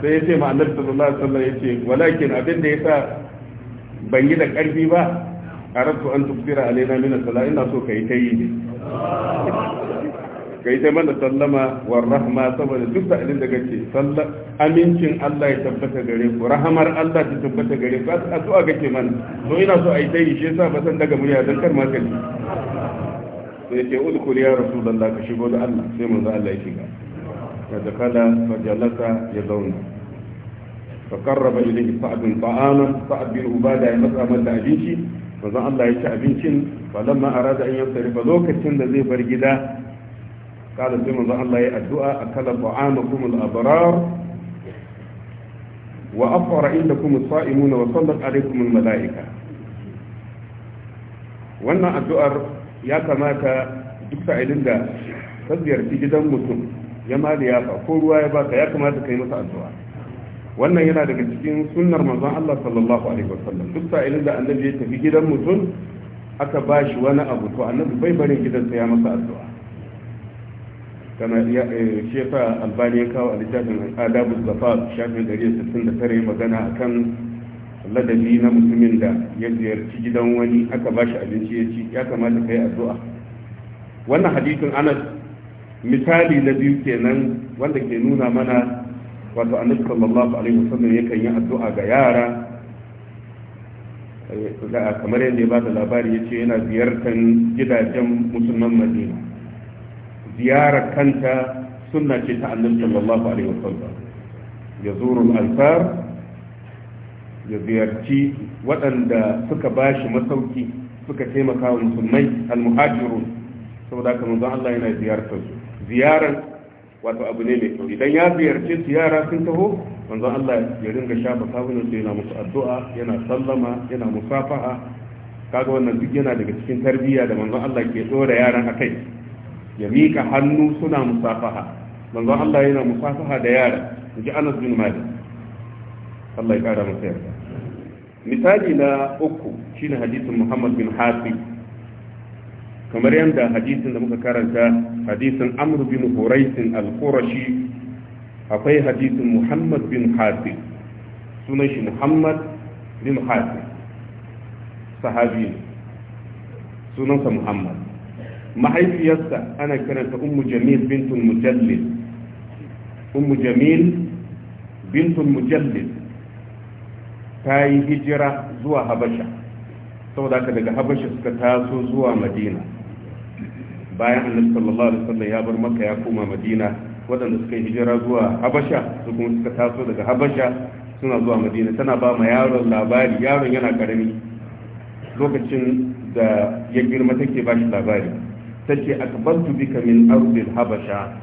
sai ya ce ma annabi sallallahu alaihi wasallam ya ce walakin abin da sa ban yi da karfi ba arabtu an tufira alaina min as-sala ina so kai tayi ne ka yi mana sallama wa rahma saboda duk sa'ilin da kake amincin Allah ya tabbata gare ku rahamar Allah ta tabbata gare ku addu'a kake mana to ina so a yi ta yi shi yasa ba san daga murya dan kar ma ka ji sai udkhul ya rasulullah ka shigo da Allah sai manzo Allah ya shiga ya dakala fa jalasa ya zauna فقرب إليه سعد طعاما سعد بن عبادة يمسى مدى أبنشي فزان الله يشاء أبنشي فلما أراد أن lokacin da zai bar gida. قال سيما الله يأدعى أكل طعامكم الأبرار وأفطر عندكم الصائمون وصلت عليكم الملائكة wannan addu'ar ya kamata duk sa'ilin da ka gidan mutum ya mali ya ko ruwa ya baka ya kamata ka yi masa addu'a wannan yana daga cikin sunnar manzon Allah sallallahu alaihi wasallam duk sa'ilin da annabi ya tafi gidan mutum aka bashi wani abu to annabi bai barin gidansa ya masa addu'a kana eh, shi albani ya kawo a littafin adabu zafaf shafin 169 magana a kan ladabi na mutumin da ya ziyarci gidan wani aka bashi abinci ya ci ya kamata kai addu'a wannan hadisin ana misali na biyu kenan wanda ke nuna mana wato annabi sallallahu alaihi wasallam yakan yi addu'a ga yara eh, kamar yadda ya ba da labari ya ce yana ziyartar gidajen musulman madina ziyarar kanta sunna ce ta annabi sallallahu alaihi wasallam ya zuru al ya ziyarci waɗanda suka shi masauki suka taimaka wa musulmai al-muhajirun saboda haka manzon Allah yana ziyartar su ziyarar wato abu ne mai kyau idan ya ziyarci su yara sun taho manzon Allah ya ringa shafa kawunan su yana musu addu'a yana sallama yana musafaha kaga wannan duk yana daga cikin tarbiyya da manzon Allah ke tsora yaran akai ya mika hannu suna musafaha manzo Allah yana musafaha da yara inji Anas bin Malik Allah ya kara masa yarda misali na uku shine hadisin Muhammad bin Hafi kamar yadda hadisin da muka karanta hadisin Amr bin Huraisin al-Qurashi akwai hadisin Muhammad bin Hafi sunan shi Muhammad bin Hafi sahabi sunansa Muhammad mahaifiyarsa ana kiranta ummu jamil bintul mujallil ummu jamil bintul mujallil ta yi hijira zuwa habasha saboda haka daga habasha suka taso zuwa madina bayan annabi sallallahu alaihi wasallam ya bar maka ya koma madina wadanda suka yi hijira zuwa habasha su kuma suka taso daga habasha suna zuwa madina tana ba ma yaron labari yaron yana karami lokacin da ya girma take ba shi labari ta ce akbaltu bika min ardil habasha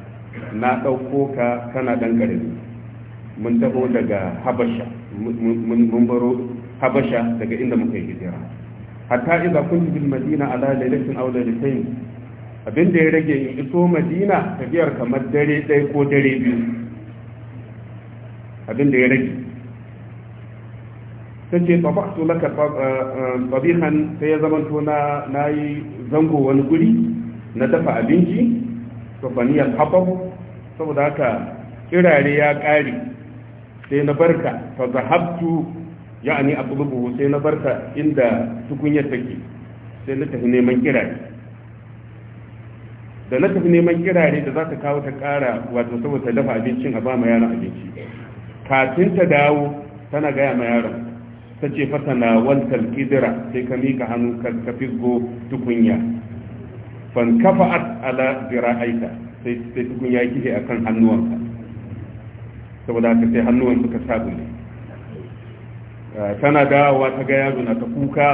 na ɗauko ka kana ɗan ƙarami mun taho daga habasha mun baro habasha daga inda muka yi hijira hatta kun yi bil madina ala lailatin aw lailatayn abin da ya rage in iso madina tafiyar kamar dare ɗaya ko dare biyu abin da ya rage ta ce tsabatu laka tsabihan eh, eh, sai ya zama na yi zango wani guri na dafa abinci fafaniyar haɓaɓu saboda haka kirare ya ƙare sai na barka fa zahabtu ya a ƙulubu sai na barka inda tukunyar take sai na tafi neman kirare da na tafi neman kirare da za ta kawo ta ƙara wato saboda dafa abincin a ba ma yaron abinci kafin ta dawo tana gaya ma yaron ta ce fata na wantar kidira sai ka mika hannu ka go tukunya fan kafa'at ala zira sai sai tukun ya kife akan hannuwanka saboda haka sai hannuwan suka sabule tana dawowa ta ga yazo na ta kuka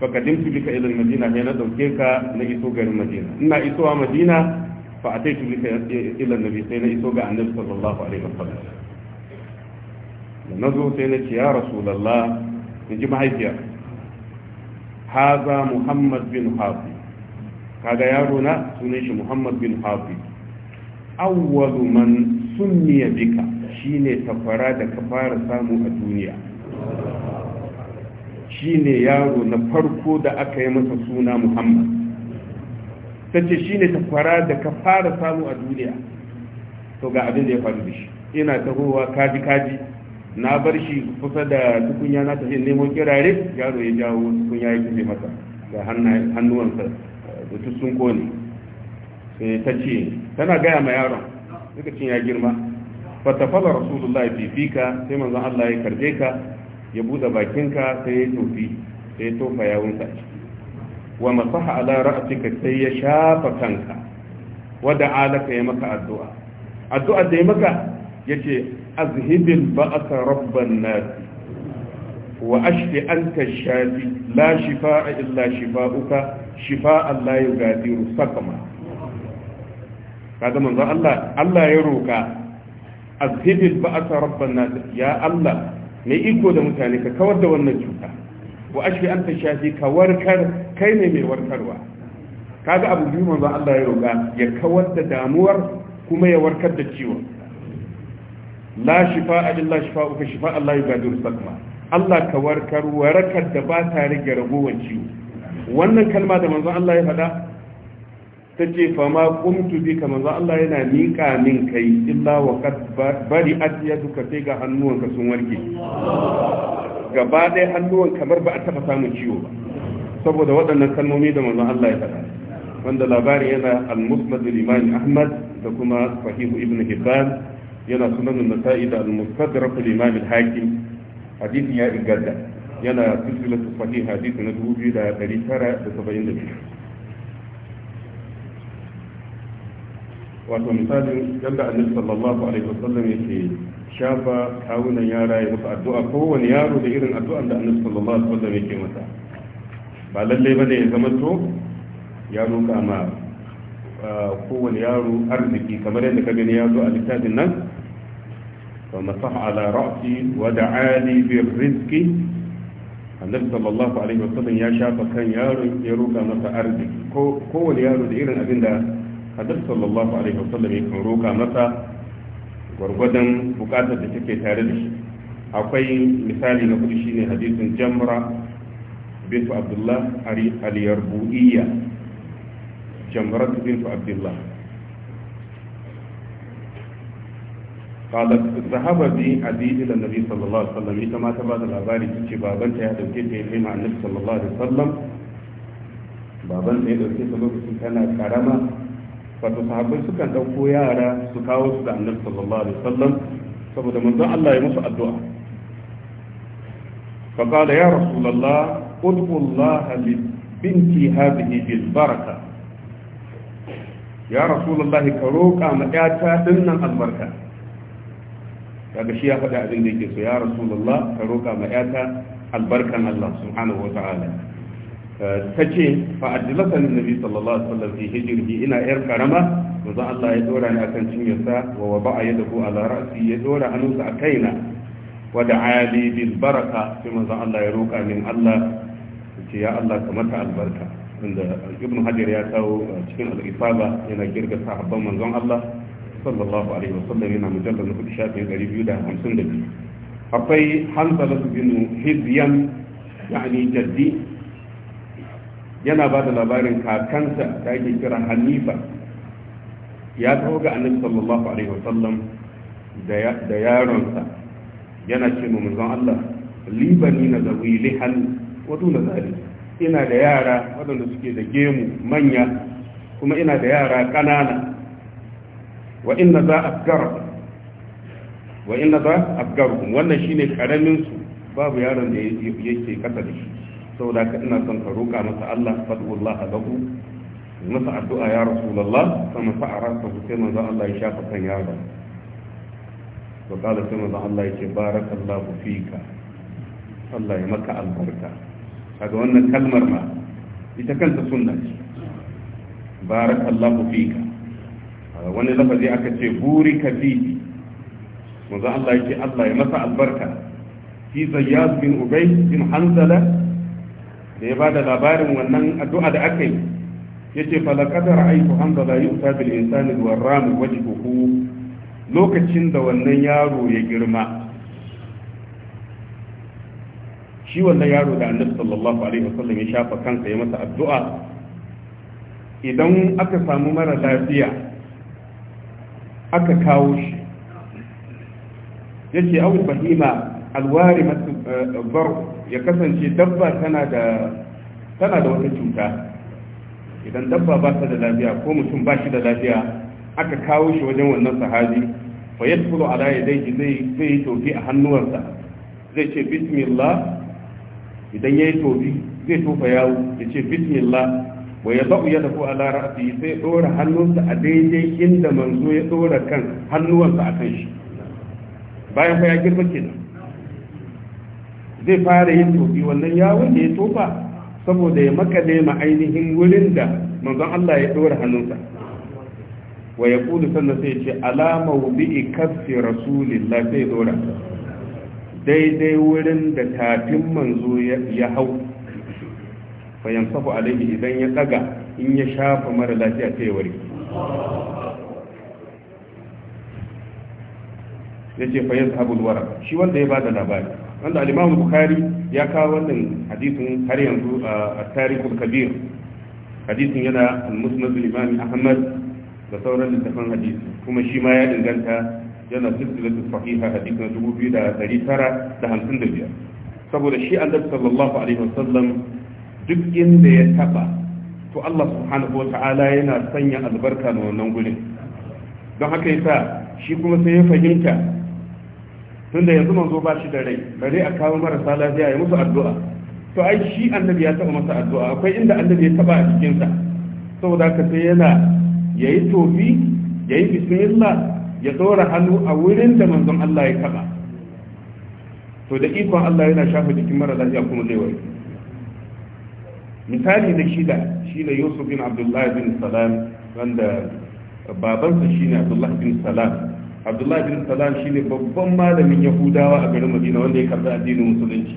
ka dimtu bika ila madina sai na dauke ka na iso garin madina ina isowa madina fa ataitu bika ila nabi sai na iso ga annabi sallallahu alaihi wasallam nazo sai na ce ya rasulullah in ji mahaifiyar haza muhammad bin hafi kaga yaro na sunan shi muhammad bin hafi awwalu man sunniya bika shine tafara da ka fara samu a duniya shine yaro na farko da aka yi masa suna muhammad Sace shine tafara da ka fara samu a duniya to ga abin da ya faru da shi ina tahowa kaji kaji na bar shi kusa da tukunya na tafi neman kirare yaro ya jawo tukunya ya kife masa da hannuwansa duk sun kone sai eh, ta ce tana gaya ma yaron lokacin ya girma fatafala rasulullah fi ka sai manzon Allah ya karbe ka ya bude bakinka sai ya tofi sai ya tofa yawunsa wa masaha ala sai ya shafa kanka wada ka ya maka addu'a addu'a da ya maka yace azhibil ba'sa rabban nasi. wa ashfi anta shafi la shifa'a illa shifa'uka shifa'an la yugadiru sakama kaga manzo Allah Allah ya roka azhibil ba'sa rabban nas ya Allah me iko da mutane ka kawar da wannan cuta wa ashfi anta shafi ka warkar kai ne mai warkarwa kaga abu biyu manzo Allah ya roka ya kawar da damuwar kuma ya warkar da ciwon la illa Allah ka warkar warakar da ba ta rage ragowar ciwo wannan kalma da manzon Allah ya faɗa ta ce fama kumtu bika manzon Allah yana miƙa min kai illa wa qad bari duka sai ga hannuwanka sun warke gaba ɗaya hannuwan kamar ba a taɓa samun ciwo ba saboda waɗannan kalmomi da manzon Allah ya faɗa wanda labari yana al-musnad al-imam Ahmad da kuma sahihu ibn Hibban yana sunan an-nasa'i da al-mustadrak al-imam al-Hakim hadisin ya inganta yana silsilatu hadisi na wato misali yadda annabi sallallahu alaihi wasallam yake shafa kawunan yara ya addu'a kowane yaro da irin addu'an da annabi sallallahu alaihi wasallam yake masa ba lalle bane ya zama to ya roƙa ma ah, kowane yaro arziki kamar yadda ka gani ya zo a littafin nan فمسح على رأسي ودعاني بالرزق النبي صلى الله عليه وسلم يا شاب كان يروك مسا أرزق كو يارو ديرن أبين النبي صلى الله عليه وسلم يروك مسا gwargwadon bukatar da take tare da shi akwai misali na kudi shine hadisin jamra bintu abdullah ari قالت ذهب بي عدي الى النبي صلى الله ta وسلم كما تبعت الاباري تجي بابنتا يا دوكي ta لما النبي Sallallahu alaihi عليه وسلم babanta ya dauke ta lokacin tana karama wato sahabbai sukan dauko yara su kawo su da annabi sallallahu alaihi wasallam saboda manzon Allah ya musu addu'a fa qala ya rasulullah ud'u Allah li binti hadhihi bil baraka ya rasulullah ka roka ma ƴata nan albarka kaga shi ya faɗa abin da yake so ya rasulullah ka roƙa ma yata albarkan Allah subhanahu wa ta'ala ta ce fa'adilatan nabi sallallahu alaihi wasallam fi hijrihi ina yar karama manzo Allah ya dora ni akan cinyarsa wa ya yadahu ala ra'si ya dora hannunsa a kaina wa da'a li bil baraka sai manzo Allah ya roka min Allah ce ya Allah ka mata albarka inda ibnu Hajar ya kawo cikin al-Ifaba yana girga sahabban manzon Allah sallallahu alaihi wasallam yana mujallar na kudi shafin ɗari biyu da hamsin da biyu akwai hanzala bin hizyan yani jaddi yana ba da labarin kakansa da ake kira hanifa ya taho ga annabi sallallahu alaihi wasallam da yaronsa yana ce mu Allah libani na ina da yara waɗanda suke da gemu manya kuma ina da yara ƙanana wa za a wa inna za afgarukum wannan shine karamin su babu yaron da yake kasa da shi saboda ka ina son ka roƙa masa Allah fadullah lahu masa addu'a ya rasulullah fa masa arasa sai manzo Allah ya shafa kan yaron to kala sai manzo Allah ya ce barakallahu fika Allah ya maka albarka kaga wannan kalmar ma ita kanta sunna ce barakallahu fika wani lafazi aka ce buri ka fi manzo Allah yake Allah ya masa albarka fi zayyad bin ubay bin hanzala da ya da labarin wannan addu'a da aka yi yace fa laqad ra'aytu hanzala yu'ta bil insani warram wajhuhu lokacin da wannan yaro ya girma shi wannan yaro da annabi sallallahu alaihi wasallam ya shafa kansa ya masa addu'a idan aka samu mara lafiya aka kawo shi yace awul bahima alwari eh, bar ya kasance dabba tana da wata cuta idan dabba ba ta da lafiya ko mutum ba shi da lafiya aka kawo shi wajen wannan sahabi fa yadkhulu ala yadayhi zai zai tofi a hannuwarsa zai ce bismillah idan yayi tofi zai tofa yawo ya ce bismillah wa ya ba'u ya dafu ala ra'si sai dora hannunsa a daidai inda manzo ya dora kan hannuwansa a kan shi bayan fa ya girma kenan zai fara yin tofi wannan yawon da ya tofa saboda ya makale ma ainihin wurin da manzon Allah ya dora hannunsa wa ya kudu sannan sai ce alama wubi'i kaffi rasulillah sai dora daidai wurin da tafin manzo ya hau bayan sabu alaihi idan ya daga in ya shafa mara lafiya ta ya warke ya ce fa yazhabul wara shi wanda ya bada labari wanda al-Imam Bukhari ya kawo wannan hadisin har yanzu a Tarikhul Kabir hadisin yana al-Musnad al-Imam Ahmad da sauran littafan hadisi kuma shi ma ya inganta yana silsilatu sahiha hadisin 2955 saboda shi annabi sallallahu alaihi wasallam duk inda ya taba to Allah subhanahu wata'ala yana sanya albarka na wannan gurin don haka yasa shi kuma sai ya fahimta tunda yanzu manzo ba shi da rai bare a kawo marasa lafiya ya musu addu'a to ai shi annabi ya taba masa addu'a akwai inda annabi ya taba a cikin sa saboda haka sai yana yayi tofi yayi bismillah ya tsora hannu a wurin da manzon Allah ya taba to da ikon Allah yana shafa jikin mara lafiya kuma zai warke misali na shida shine yusuf bin abdullahi bin salam wanda babansa shine abdullahi bin salam abdullahi bin salam shine babban malamin yahudawa a garin madina wanda ya karɓi addinin musulunci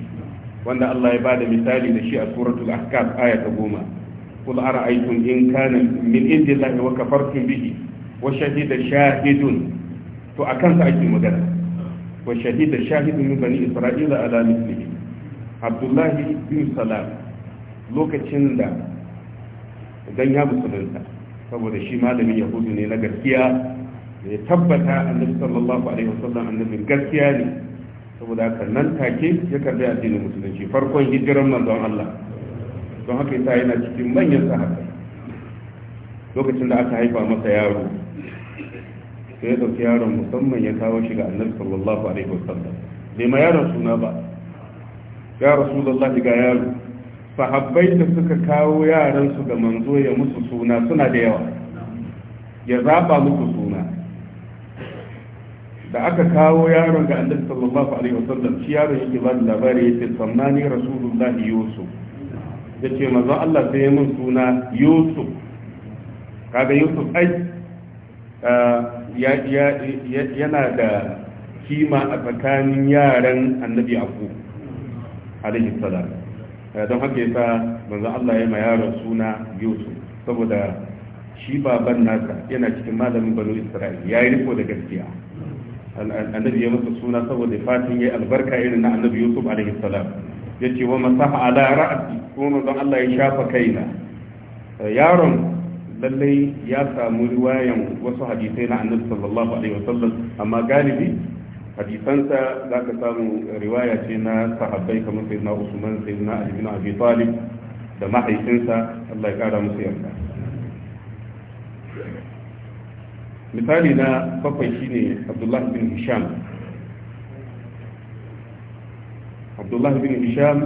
wanda allah ya bada misali da shi a suratul ahkam aya ta goma قل أرأيتم إن كان من عند الله وكفرتم به وشهد شاهد فأكنت أجل magana, wa shahida من بني إسرائيل isra'ila مثله عبد الله bin salam. lokacin da dan ya musulunta saboda shi malamin yahudu ne na gaskiya ya tabbata annabi sallallahu alaihi wasallam annabin gaskiya ne saboda haka nan take ya karbi addinin musulunci farkon hijiran manzon Allah don haka yasa yana cikin manyan sahaba lokacin da aka haifa masa yaro sai ya dauki yaron musamman ya kawo shi ga annabi sallallahu alaihi wasallam bai ma yaron suna ba ya rasulullahi ga yaro sahabbai da suka kawo yaransu ga manzo ya musu suna suna da yawa ya zaba musu suna da aka kawo yaron ga annabi sallallahu alaihi wasallam shi yaron yake ba da labari yace sannani rasulullahi yusuf yace manzo Allah sai ya mun suna yusuf kaga yusuf ai eh, yana da kima a tsakanin yaran annabi aku alaihi salam Eh, don haka yasa manzo Allah ya ma yaron suna Yusuf saboda shi baban nasa yana cikin malamin banu Isra'il ya yi riko da gaskiya annabi ya masa suna saboda fatin yayi albarka irin na annabi Yusuf alaihi salam yace wa masaha ala ra'si kuma don Allah ya shafa kaina eh, yaron lallai ya samu riwayan wasu hadisai na annabi sallallahu alaihi wasallam amma galibi hadisansa za ka samu riwaya ce na sahabbai kamar sai na usman sai na ali abi talib da mahaifinsa Allah ya kara musu yarda misali na bakwai shine abdullahi bin hisham abdullahi bin hisham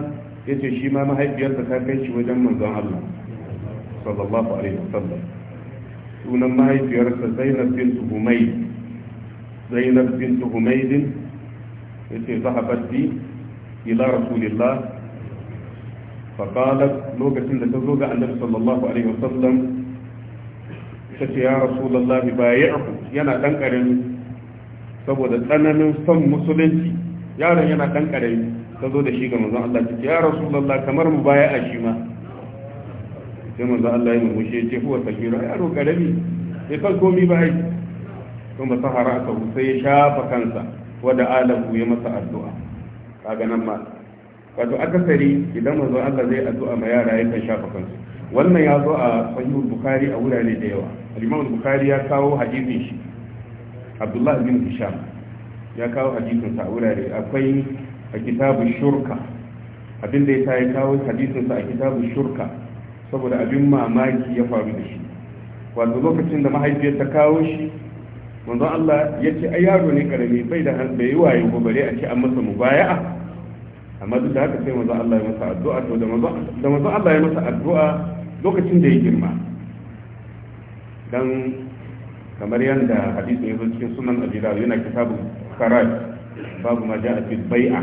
ya ce shi ma mahaifiyarsa ta kai shi wajen manzon Allah sallallahu alaihi wasallam sunan mahaifiyarsa zainab bin humay zainab bin humaydin ya ce zahabar bi ila rasulillah faƙalar lokacin da ta zo ga annabi sallallahu alaihi wasallam ta ce ya rasulallah ba ya yana ɗan saboda tsananin son musulunci yaron yana ɗan ƙarami ta zo da shi ga manzon Allah ta ce ya rasulallah kamar mu baya a shi ma sai manzon Allah ya murmushe ya ce huwa sakiru yaro ƙarami ya san komi ba sun ba sahara aka sai shafa kansa wadda alahu ya masa addu'a kaga nan ma wato akasari idan manzon Allah zai addu'a ma yara yakan shafa kansu wannan ya zo a sahihul bukhari a wurare da yawa al-imam bukhari ya kawo hadisin shi abdullah bin ya kawo hadisin sa a wurare akwai a kitabu shurka ya ya kawo hadisin sa a kitabu shurka saboda abin mamaki ya faru da shi wato lokacin da mahaifiyar ta kawo shi manzon Allah ya ce ai yaro ne karami bai da bai yi waye ko bare a ce an masa mubaya'a amma duk da haka sai manzon Allah ya masa addu'a to da manzon da manzon Allah ya masa addu'a lokacin da ya girma dan kamar yadda hadisin yazo cikin sunan Abi Dawud yana kitabun kharaj babu ma ja'a fi bai'a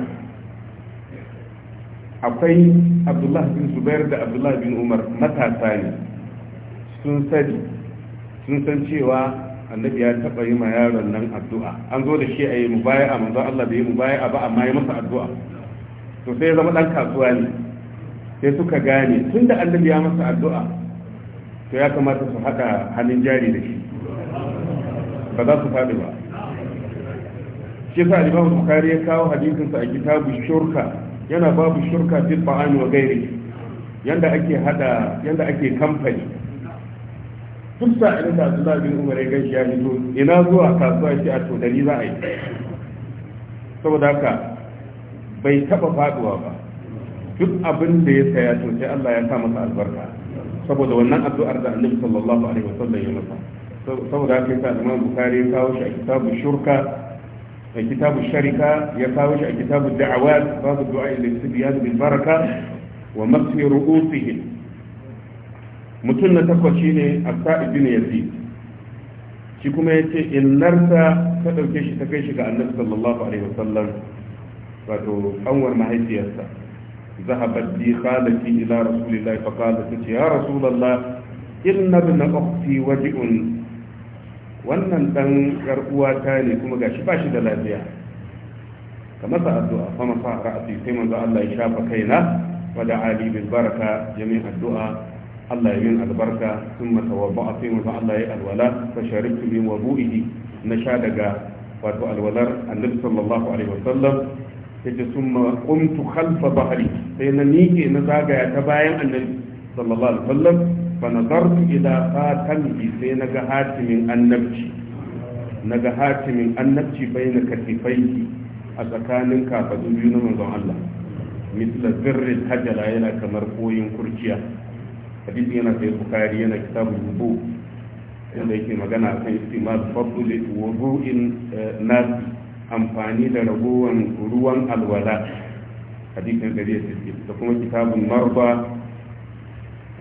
akwai Abdullah bin Zubair da Abdullah bin Umar matasa ne sun sani sun san cewa annabi ya taba yi ma yaron nan addu'a an zo da shi a yi mubaya'a manzo Allah bai yi mubaya'a ba amma ya masa addu'a to sai ya zama dan kasuwa ne sai suka gane tunda annabi ya masa addu'a to ya kamata su haɗa hannun jari da shi ba za su faɗi ba shi sa al-Imam Bukhari ya kawo hadisin sa a kitabu shurka yana babu shurka fi ta'ami wa gairi yanda ake hada yanda ake kamfani duk sa'ilin da abdullahi bin umar ya gaishe ya fito ina zuwa kasuwa shi a to dari za a yi saboda haka bai taba faduwa ba duk abin da ya saya to sai Allah ya sa masa albarka saboda wannan addu'ar da annabi sallallahu alaihi wasallam ya masa saboda haka yasa Imam Bukhari ya kawo shi a kitabu shurka a kitabu sharika ya kawo shi a kitabu da'awat babu du'a ila istibyan bil baraka wa masfi ru'usihim mutum na takwas shine as-sa'id bin shi kuma ya in larta ta ɗauke shi ta kai shi ga annabi sallallahu alaihi wasallam wato kanwar mahaifiyarsa zahabat bi khalati ila rasulillahi fa qalat ya rasulullah inna ibn ukhti waji'un wannan dan yar uwata ne kuma gashi ba shi da lafiya ka masa addu'a fa masa ra'ati sai manzo Allah ya shafa kaina wa da ali bil baraka jami'a addu'a Allah ya min albarka sun ba a sai mutu Allah ya alwala fa sharibtu min wabu'ihi na sha daga wato alwalar annabi sallallahu alaihi wasallam yace summa qumtu khalfa bahri sai na nike na zagaya ta bayan annabi sallallahu alaihi wasallam fa nadartu ila fatamihi sai na ga hatimin annabci na ga hatimin annabci bayna katifaiki a tsakanin kafadu biyu na manzon Allah misla zirrin hajala yana kamar koyin kurciya hadisi yana sai bukari yana kitabu wudu inda yake magana akan istimal fadl wudu'in eh, nasi amfani da ragowar ruwan alwala hadisin da zai ce da kuma kitabun marba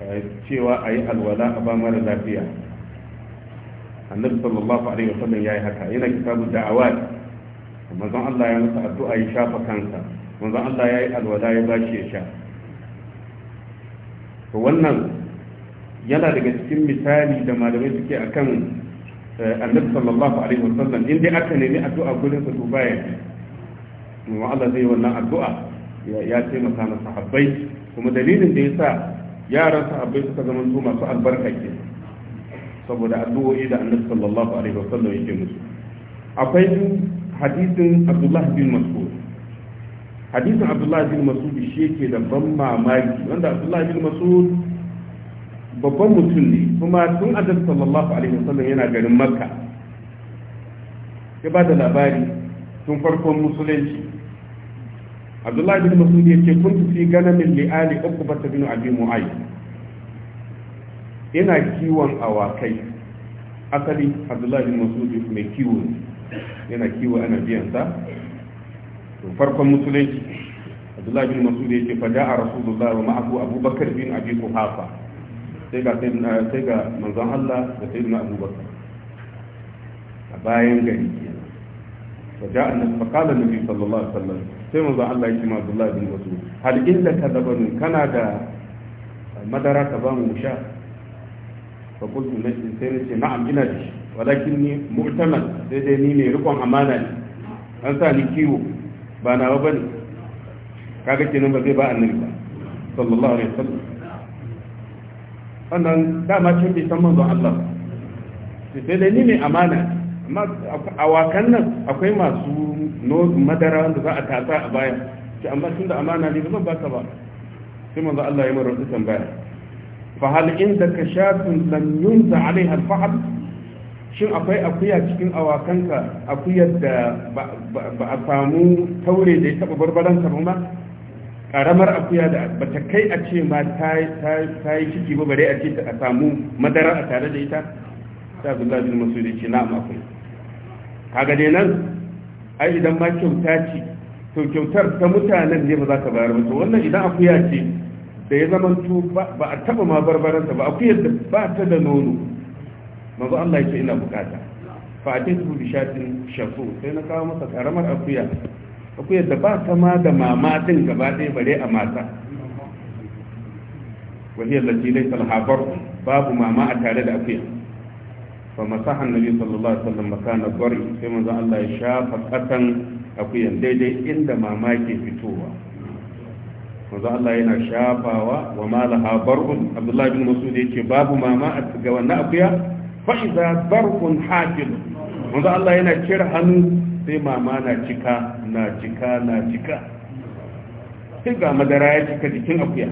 eh, cewa a yi alwala a ba mara lafiya annabi sallallahu alaihi wasallam yayi haka yana kitabun da'awat manzon Allah ya masa addu'a ya shafa kansa manzon Allah yayi alwala ya bashi ya sha to wannan yana daga cikin misali da malamai suke akan eh, annabi sallallahu alaihi wasallam in aka nemi addu'a gurin sa to baya kuma Allah zai wannan addu'a ya taimaka masa sahabbai kuma dalilin da yasa yaran sahabbai suka zama su masu albarka ke saboda addu'o'i da annabi sallallahu alaihi wasallam yake musu akwai hadisin abdullahi bin Mas'ud hadisin abdullahi bin masud shi yake da ban mamaki wanda abdullahi bin masud babban mutum ne kuma tun adam sallallahu alaihi wasallam yana garin makka ya ba da labari tun farkon musulunci abdullahi bin masud ya ce kuntu fi ganamin li'ali uqbata bin abi mu'ayy ina kiwon awakai asali abdullahi bin masud mai kiwo yana kiwo ana biyan sa to farkon musulunci abdullahi bin masud yake fa da'a rasulullahi wa ma'ahu abubakar bin abi quhafa sai ga sai ga manzon Allah da sayyidina abubakar a bayan gari fa da'a annabi fa qala nabi sallallahu alaihi wasallam sai manzon Allah yake ma abdullahi bin masud hal illaka labanun kana da madara ka ba mu sha fa qultu nashi sai ce na'am ina da shi walakin ni mu'tamal sai dai ni ne rikon amana ne an sa ni kiwo ba nawa ba ne kaga kenan ba zai ba annabi ba sallallahu alaihi wasallam wannan dama can bai san manzon Allah sai dai ni ne amana amma a wakan nan akwai masu madara wanda za a tatsa a baya ce amma tun da amana ne zan baka ba sai manzo Allah ya marar tambaya fa hal indaka shatun lam yunza alaiha al-fahl shin akwai akuya cikin awakanka akuyar da ba a samu taure da ya taɓa barbaran ba ma ƙaramar akuya da ba ta kai a ce ma ta yi ciki ba bare a ce ta samu madara a tare da ita ta abdullahi bin masu da ce na'am akwai kaga dai nan ai idan ma kyauta ce to kyautar ta mutanen ne ba za ka bayar ba to wannan idan akuya ce da ya zamanto ba a taɓa ma barbaranta ba akuyar da ba ta da nono manzo Allah ya ce ina bukata fa su bi shatin shafu sai na kawo masa karamar akuya akuyar da ba ta ma da mamatin gaba ɗaya bare a mata Wani lati laysa al-habar babu mama a tare da akuya fa masahan nabi sallallahu alaihi wasallam makana gori sai manzo Allah ya shafa katan akuya daidai inda mama ke fitowa manzo Allah yana shafawa wa ma bar'un abdullahi bin Mas'ud yake babu mama a ga wannan akuya fa'iza barkun hajjin wanzu Allah yana cire hannu sai mama na cika na cika na cika sai ga madara ya cika jikin akuya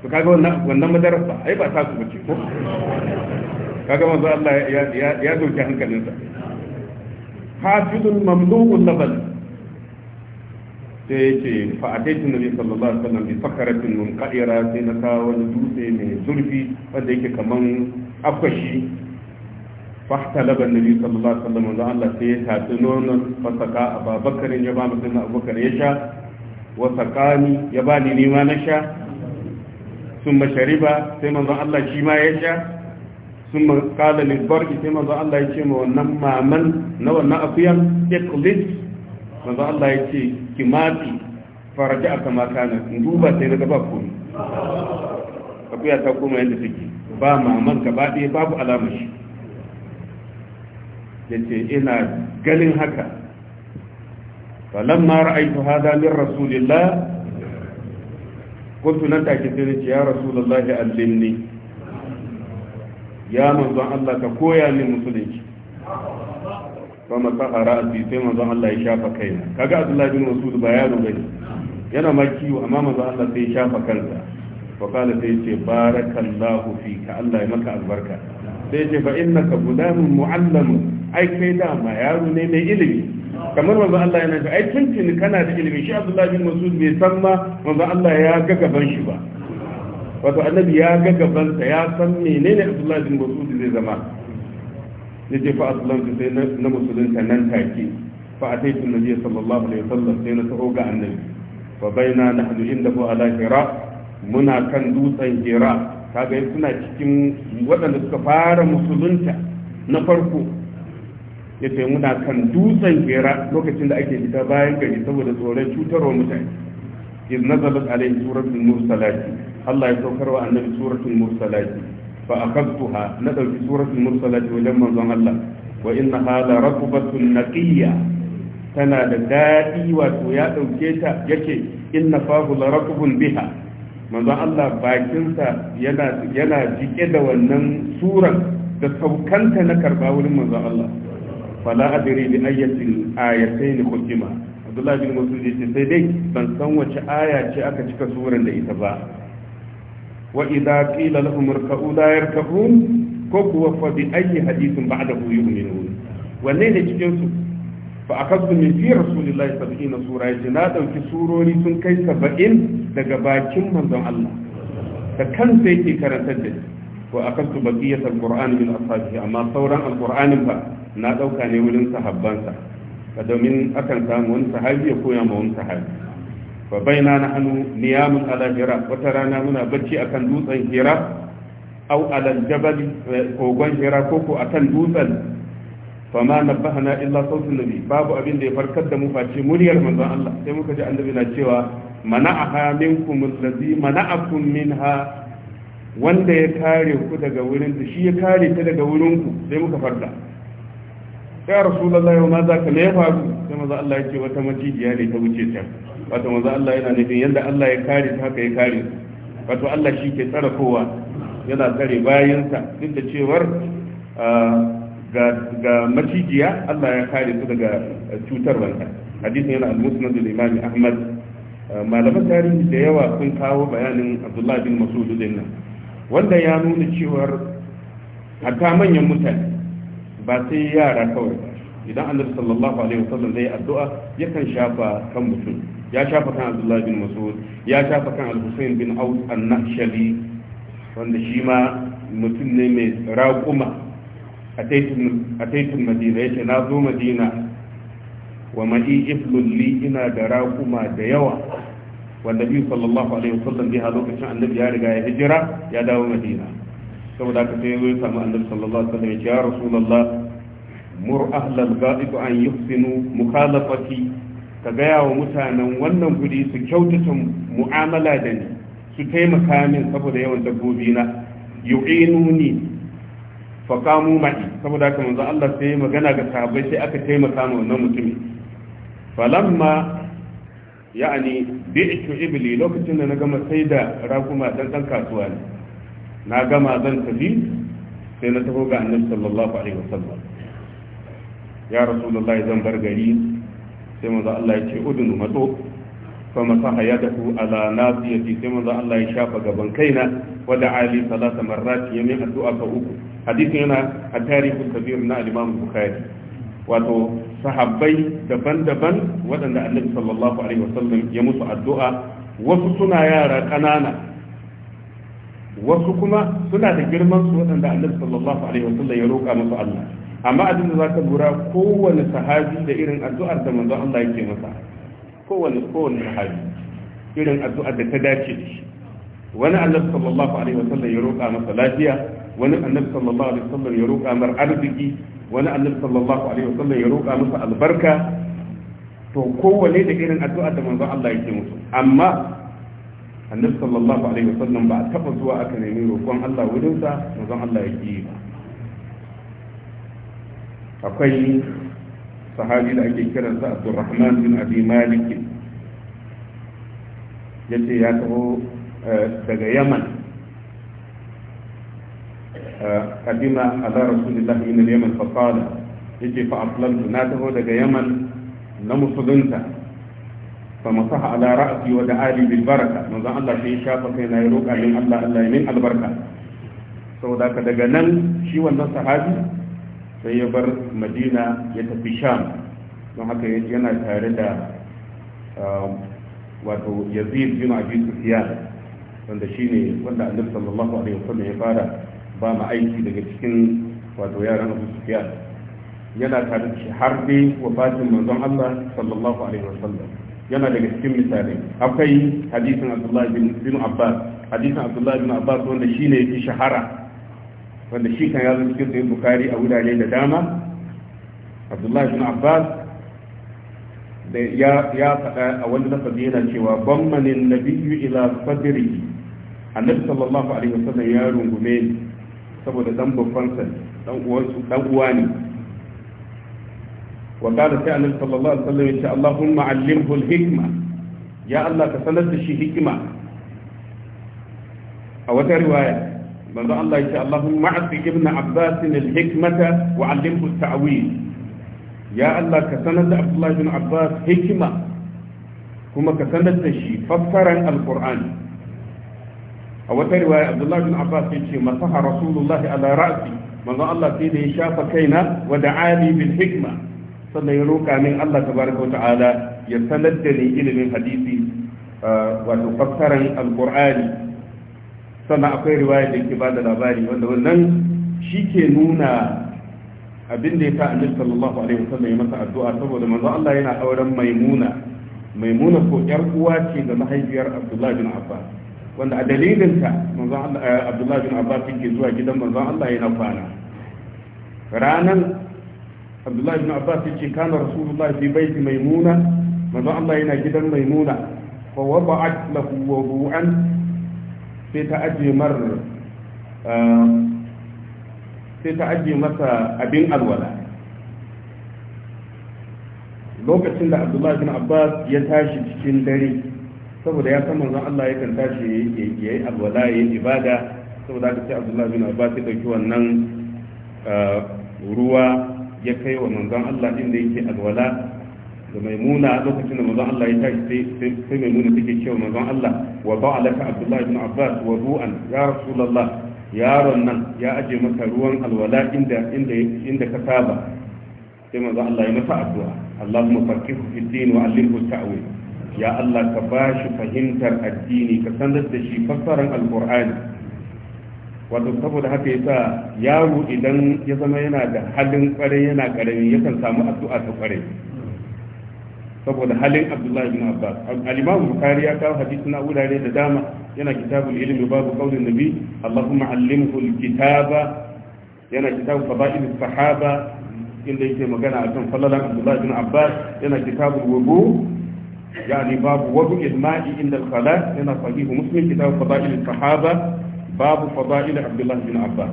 to kaga wannan madara ba yi ba ta su bace ko kaga wanzu Allah ya doke hankalinsa hafizun mamdu'un labar sai ya ce da nabi sallallahu alaihi wasallam bi fakaratin ka'ira sai na kawo wani dutse mai zurfi wanda yake kamar afka shi fahtalaba annabi sallallahu alaihi wasallam da Allah sai ya tatsi nonon fasaka Abubakar ya ba mutum Abubakar ya sha wa sakani ya ba ni nima na sha summa shariba sai manzon Allah shi ma ya sha summa qala lil barki sai manzon Allah ya ce ma wannan maman na wannan akuyan iqlis manzon Allah ya ce ki mati faraja kama kana duba sai na ga ba komai Ka akuya ta koma yadda take ba maman gaba ɗaya babu alamar shi ya ce ina ganin haka falamma ra'aytu hadha min rasulillah kuntu nan take sai nace ya rasulullah allimni ya manzon Allah ka koya min musulunci fa masaha ra'si sai manzon Allah ya shafa kaina kaga Abdullah bin Mas'ud ba yaro bane yana ma kiwo amma manzon Allah sai ya shafa kansa faƙala sai ce barakallahu fi ka Allah ya maka albarka sai ce fa innaka gudanun mu'allamu ai kai dama yaro ne mai ilimi kamar manzo Allah yana ce ai tuntuni kana da ilimi shi Abdullahi bin Mas'ud bai san ma manzo Allah ya ga gaban shi ba wato annabi ya ga gabansa ya san menene Abdullahi bin Mas'ud zai zama ya ce fa aslamtu sai na musulunta nan take fa ataitu nabiyyi sallallahu alaihi wasallam sai na taho ga annabi fa baina nahnu indahu ala hira muna kan dutsen hira kaga suna cikin waɗanda suka fara musulunta na farko ya ce muna kan dutsen hira lokacin da ake fita bayan gari saboda tsoron cutarwa mutane iz nazalat alayhi suratul mursalati Allah ya saukar wa annabi suratul mursalati fa akhadtuha na dauki suratul mursalati wajen manzon Allah wa inna hala rakubatun naqiyya tana da dadi wato ya dauke ta yake inna fahu la biha manzon Allah bakinsa yana yana jike da wannan suran da saukanta na karba wurin manzon Allah fala adri bi ayatin ayatayn khutima Abdullah bin Mas'ud yace sai dai ban san wace aya ce aka cika suran da ita ba wa idza qila lahum irka'u la yarka'un ko kuwa fa bi ayyi hadithin ba'dahu yu'minun wanne ne cikin su fa akabtu min fi rasulillahi sab'ina sura yace na dauki surori sun kai saba'in daga bakin manzon Allah da kansa yake karantar da wa akabtu baqiyat alqur'ani min ashabihi amma sauran alqur'anin ba na dauka ne wurin sahabbansa domin akan samu wani sahabi ya koya ma wani sahabi fa baina nahnu niyamun ala hira wata rana muna bacci akan dutsen hira au ala jabal eh, kogon hira koko akan dutsen fama nabbahana illa sautin nabi babu abin da ya farkar da mu face muryar manzon Allah sai muka ji annabi na cewa mana'aha minkum allazi mana'akum minha wanda ya kare ku daga wurin ta shi ya kare ta daga wurin ku sai muka farda ya rasulullahi ma za ka me ya faru sai manzo Allah ya ce wata macijiya ne ta wuce ta wato manzo Allah yana nufin yanda Allah ya kare ta haka ya kare wato Allah shi ke tsare kowa yana tsare bayansa duk da cewar ah, ga macijiya Allah ya kare su daga eh, cutar wanda hadisin yana al-musnad da imam Ahmad eh, malaman tarihi da yawa sun kawo bayanin Abdullah bin Mas'ud din nan wanda ya nuna cewar hatta manyan mutane ba sai yara kawai ba idan annabi sallallahu alaihi wasallam zai addu'a yakan shafa kan mutum ya shafa kan abdullahi bin mas'ud ya shafa kan al-husayn bin aus an-nahshali wanda shi ma mutum ne mai raƙuma ataitun madina ya ce na zo madina wa ma'i iflulli ina da raƙuma da yawa wanda biyu sallallahu alaihi wasallam biya lokacin annabi ya riga ya hijira ya dawo madina saboda aka sai ya samu annabi sallallahu alaihi wasallam ya ce ya rasulullah mur ahlal ga'ib an yuhsinu mukhalafati ka gaya wa mutanen wannan guri su kyautata mu'amala da ni su taimaka min saboda yawan dabbobi na yu'inuni fa qamu ma'i saboda haka manzo Allah sai magana ga sahabbai sai aka taimaka ma wannan mutumin falamma ya'ani bi'tu ibli lokacin da na gama sai da raguma dan dan kasuwa ne na gama zan tafi sai na tafi ga annabi sallallahu alaihi wasallam ya rasulullahi zan bar gari sai manzo Allah ya ce udunu matso fa masaha yadahu ala nasiyati sai manzo Allah ya shafa gaban kaina wa da ali salasa marrat ya min addu'a ka uku hadisin yana a tarihi kabir na al-Imam Bukhari wato sahabbai daban-daban waɗanda Annabi sallallahu alaihi ya wasu suna yara wasu kuma suna da girman su waɗanda Annabi sallallahu alaihi sallam ya roƙa musu Allah amma abin da zaka lura kowane sahabi da irin addu'ar da manzo Allah yake masa kowane kowane sahabi irin addu'ar da ta dace da shi wani annabi sallallahu alaihi wasallam ya roƙa masa lafiya wani annabi sallallahu alaihi wasallam ya roƙa mar arziki wani annabi sallallahu alaihi wasallam ya roƙa masa albarka to kowane da irin addu'ar da manzo Allah yake musu amma annabi sallallahu alaihi wasallam ba a taba zuwa aka nemi roƙon Allah wurinsa manzon Allah yake yi ba akwai sahabi da ake kiransa abdurrahman bin abi malik ya ce ya taho eh, daga yaman kadima eh, ala rasulullahi min yaman na taho daga yaman na musulunta fa masaha ala wa bil baraka manzon Allah sai shafa kai na roƙa min Allah Allah min albarka saboda ka daga nan shi wannan sahabi sai ya bar madina ya tafi sham don haka yana tare da um, wato yazid bin abi sufyan wanda shine wanda annabi sallallahu alaihi wasallam ya fara ba ma aiki daga cikin wato yaran abu sufyan yana tare da har dai wafatin manzon Allah sallallahu alaihi wasallam yana daga cikin misali akwai hadisin abdullahi bin abbas hadisin abdullahi bin abbas wanda shine yake shahara wanda shi kan yazo cikin sahih bukhari a wurare da dama abdullahi ibn abbas da ya ya faɗa a wani lafazi yana cewa bammanin nabiyyu ila sadri annabi sallallahu alaihi wasallam ya rungume saboda dan babban sa dan uwansu dan uwa ne wa qala sai annabi sallallahu alaihi wasallam ya ce allahumma allimhu alhikma ya allah ka sanar da shi hikima a wata riwaya manzo Allah yake Allahumma a'ti ibn Abbas al-hikmata wa 'allimhu at-ta'wil ya Allah ka sanar da Abdullah ibn Abbas hikima kuma ka sanar da shi fassaran al-Qur'ani a wata riwaya Abdullah ibn Abbas yace masaha Rasulullahi ala ra'si manzo Allah sai da ya shafa kaina wa da'ali bil hikma sannan ya roƙa min Allah tabaraka wa ta'ala ya sanar da ni ilimin hadisi uh, wato fassaran al-Qur'ani sannan akwai riwaya da yake da labari wanda wannan shi ke nuna abin da ya sa annabi sallallahu alaihi wasallam ya masa addu'a saboda manzo Allah yana auren maimuna maimuna ko yar uwa ce ga mahaifiyar Abdullahi bin Abbas wanda a dalilin ta manzo Allah eh, Abdullah bin Abbas yake zuwa gidan manzo Allah yana kwana ranan Abdullah bin Abbas yace kana Rasulullah fi baiti maimuna manzo Allah yana gidan maimuna fa wada'at lahu wudu'an sai ta ajiye mar eh, sai ta masa abin alwala lokacin da abdullahi bin abbas ya tashi cikin dare saboda ya san zan Allah ya kan tashi ya yi alwala ya yi ibada saboda haka ce abdullahi bin abbas ya dauki wannan eh, ruwa ya kai wa manzan Allah inda yake alwala da maimuna lokacin da manzan Allah ya tashi sai maimuna take cewa manzan Allah وضع لك Abdullahi الله بن عباس وضوءا ya رسول yaron nan ya aje maka ruwan alwala inda inda inda ka saba sai manzo Allah ya masa addu'a Allahumma faqihu fi din wa allimhu ta'wil ya Allah ka bashi fahimtar addini ka sanar da shi fassaran alqur'ani wato saboda haka yasa yaro idan ya zama yana da halin kware yana karami yakan samu addu'a ta kware saboda halin abdullahi bin abbas al-imam bukhari ya kawo hadisi na wurare da dama yana kitabul ilmi babu qaulin nabi allahumma allimhu al-kitaba yana kitabu fada'il sahaba inda yake magana akan fallalan abdullahi bin abbas yana kitabul wudu yani babu wudu ilma'i inda al-khala yana sahihu muslim kitabu fada'il sahaba babu fada'il abdullahi bin abbas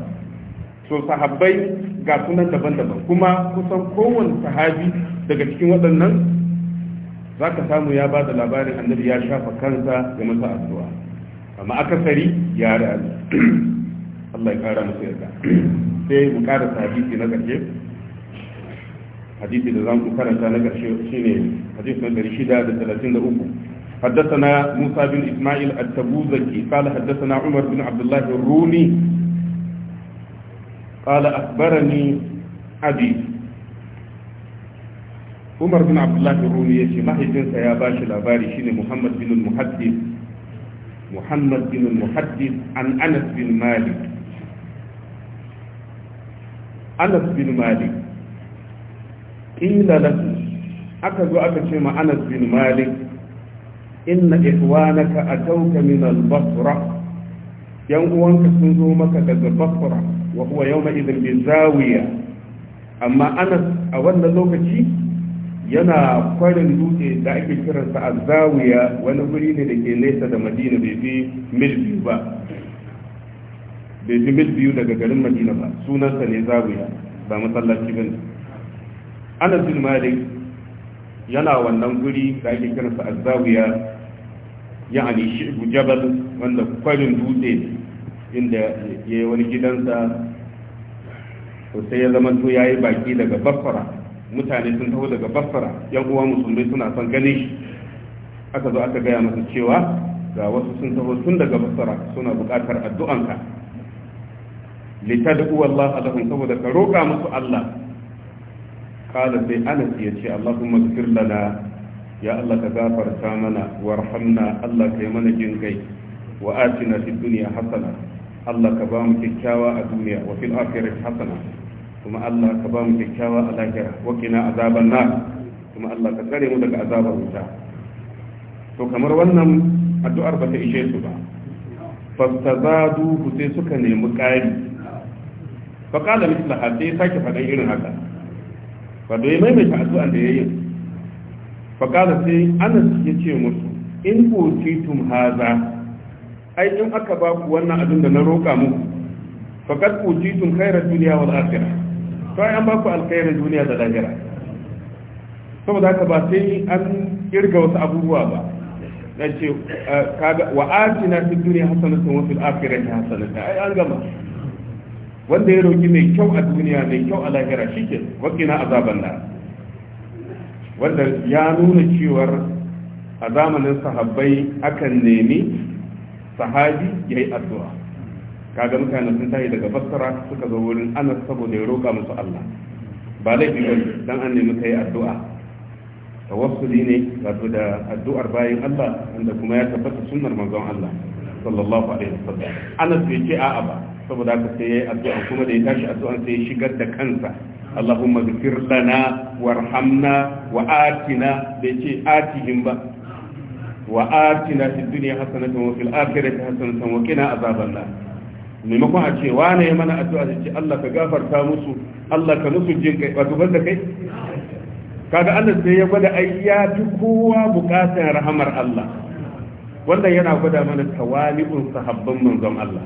so sahabbai ga sunan daban-daban kuma kusan kowane sahabi daga cikin waɗannan za ka samu ya ba da labarin annabi ya shafa kansa ya masa addu'a amma akasari ya rayu Allah ya kara masa yarda sai mu kara hadisi na ƙarshe hadisi da zamu karanta na ƙarshe shine hadisi na 633 حدثنا موسى بن إسماعيل التبوذكي قال حدثنا umar bin عبد الله الروني قال أخبرني أبي umar bin abdullahi rumi ya ce mahaifinsa ya ba shi labari shine muhammad bin muhaddis muhammad bin muhaddis an anas bin malik anas bin malik ƙila lahu aka zo aka ce ma anas bin malik inna ihwanaka atauka min al-basra yan uwanka sun zo maka daga basra wa huwa yawma idan bi zawiya amma anas a wannan lokaci yana kwarin dutse da ake kiransa a zawiya wani guri ne da ke nesa da madina bai fi mil biyu ba bai fi mil biyu daga garin madina ba sunansa ne zawiya ba masallaci ba ne ana bin malik yana wannan guri da ake kiransa a zawiya ya ani shi jabal wanda kwarin dutse inda ya yi wani gidansa to sai ya zama to ya yi baki daga bafara. mutane sun taho daga basara. yan uwa musulmai suna son gani. shi aka zo aka gaya masa cewa ga wasu sun taho tun daga basara suna buƙatar addu'anka litad'u Allah alahum saboda ka roƙa musu Allah qala sai Anas ya ce Allahumma ighfir lana ya Allah ka gafarta mana warhamna Allah kai mana jin kai wa atina fid duniya, hasana Allah ka ba mu kyakkyawa a duniya wa fil akhirati hasana kuma Allah ka ba mu kyakkyawa a lahira wakina azaban na kuma Allah ka tsare mu daga azabar wuta to kamar wannan addu'ar ba ta ishe su ba Fasta za duhu sai suka nemi ƙari fa qala mislaha sai sake faɗan irin haka fa dai maimaita addu'ar da yayin fa qala sai Anas yace musu in utitum haza ai in aka ba ku wannan abin da na roƙa muku faqad utitum khayra dunya wal akhirah Kawai an ba ku alkhairin duniya da lahira saboda haka ba sai an kirga wasu abubuwa ba na ce ah, wa na fi duniya hasanatun wa fil akhirati hasanatun ai an gama wanda ya roki mai kyau a duniya mai kyau a lahira shike wakina azaban nan wanda ya nuna cewar a zamanin sahabbai akan nemi sahabi yayi addu'a kaga mutane sun tashi daga fassara suka zo wurin anas saboda ya roƙa musu Allah ba laifi ba dan an nemi kai addu'a tawassuli ne wato da addu'ar bayin Allah wanda kuma ya tabbata sunnar manzon Allah sallallahu alaihi wasallam anas bai ce a'a ba saboda haka sai yayi addu'a kuma da ya tashi addu'an sai ya shigar da kansa Allahumma ghfir lana warhamna wa atina bai ce atihim ba وآتنا في الدنيا حسنة وفي الآخرة حسنة وقنا عذاب النار maimakon a ce wane mana addu'a da ce Allah ka gafarta musu Allah ka musu jin kai wato banda kai kaga Allah sai ya gwada ai ya fi kowa bukatar rahamar Allah wannan yana gwada mana tawali'un sahabban manzon Allah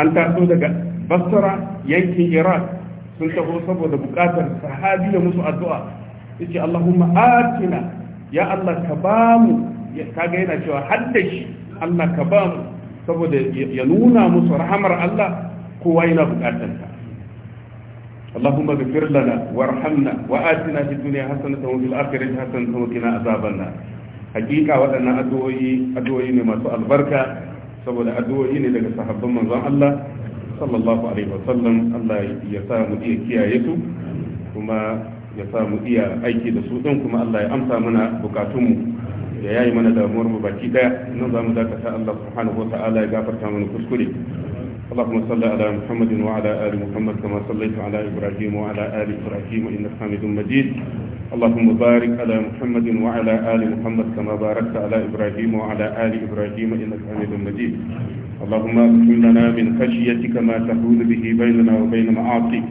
an taso daga Basra yankin Iraq sun taho saboda bukatar sahabi da musu addu'a yace Allahumma atina ya Allah ka bamu kaga yana cewa haddashi Allah ka bamu saboda ya nuna musu rahamar Allah kowa yana bukatanta اللهم اغفر لنا وارحمنا وآتنا في الدنيا حسنة وفي الآخرة حسنة وقنا عذاب النار حقيقة وأنا أدوي أدوي ما البركة saboda addu'o'i ne daga sahabban manzon Allah sallallahu alaihi wa sallam. Allah ya sa mu iya kiyayetu. kuma ya sa mu iya aiki da su din kuma Allah ya amsa mana bukatunmu ya yayi mana damuwar mu baki daya nan zamu dakata Allah subhanahu wa ta'ala ya gafarta mana kuskure اللهم صل على محمد وعلى آل محمد كما صليت على إبراهيم وعلى آل إبراهيم إنك حميد مجيد اللهم بارك على محمد وعلى آل محمد كما باركت على إبراهيم وعلى آل إبراهيم إنك حميد مجيد اللهم اغفر لنا من خشيتك ما تحول به بيننا وبين معاصيك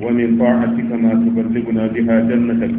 ومن طاعتك ما تبلغنا بها جنتك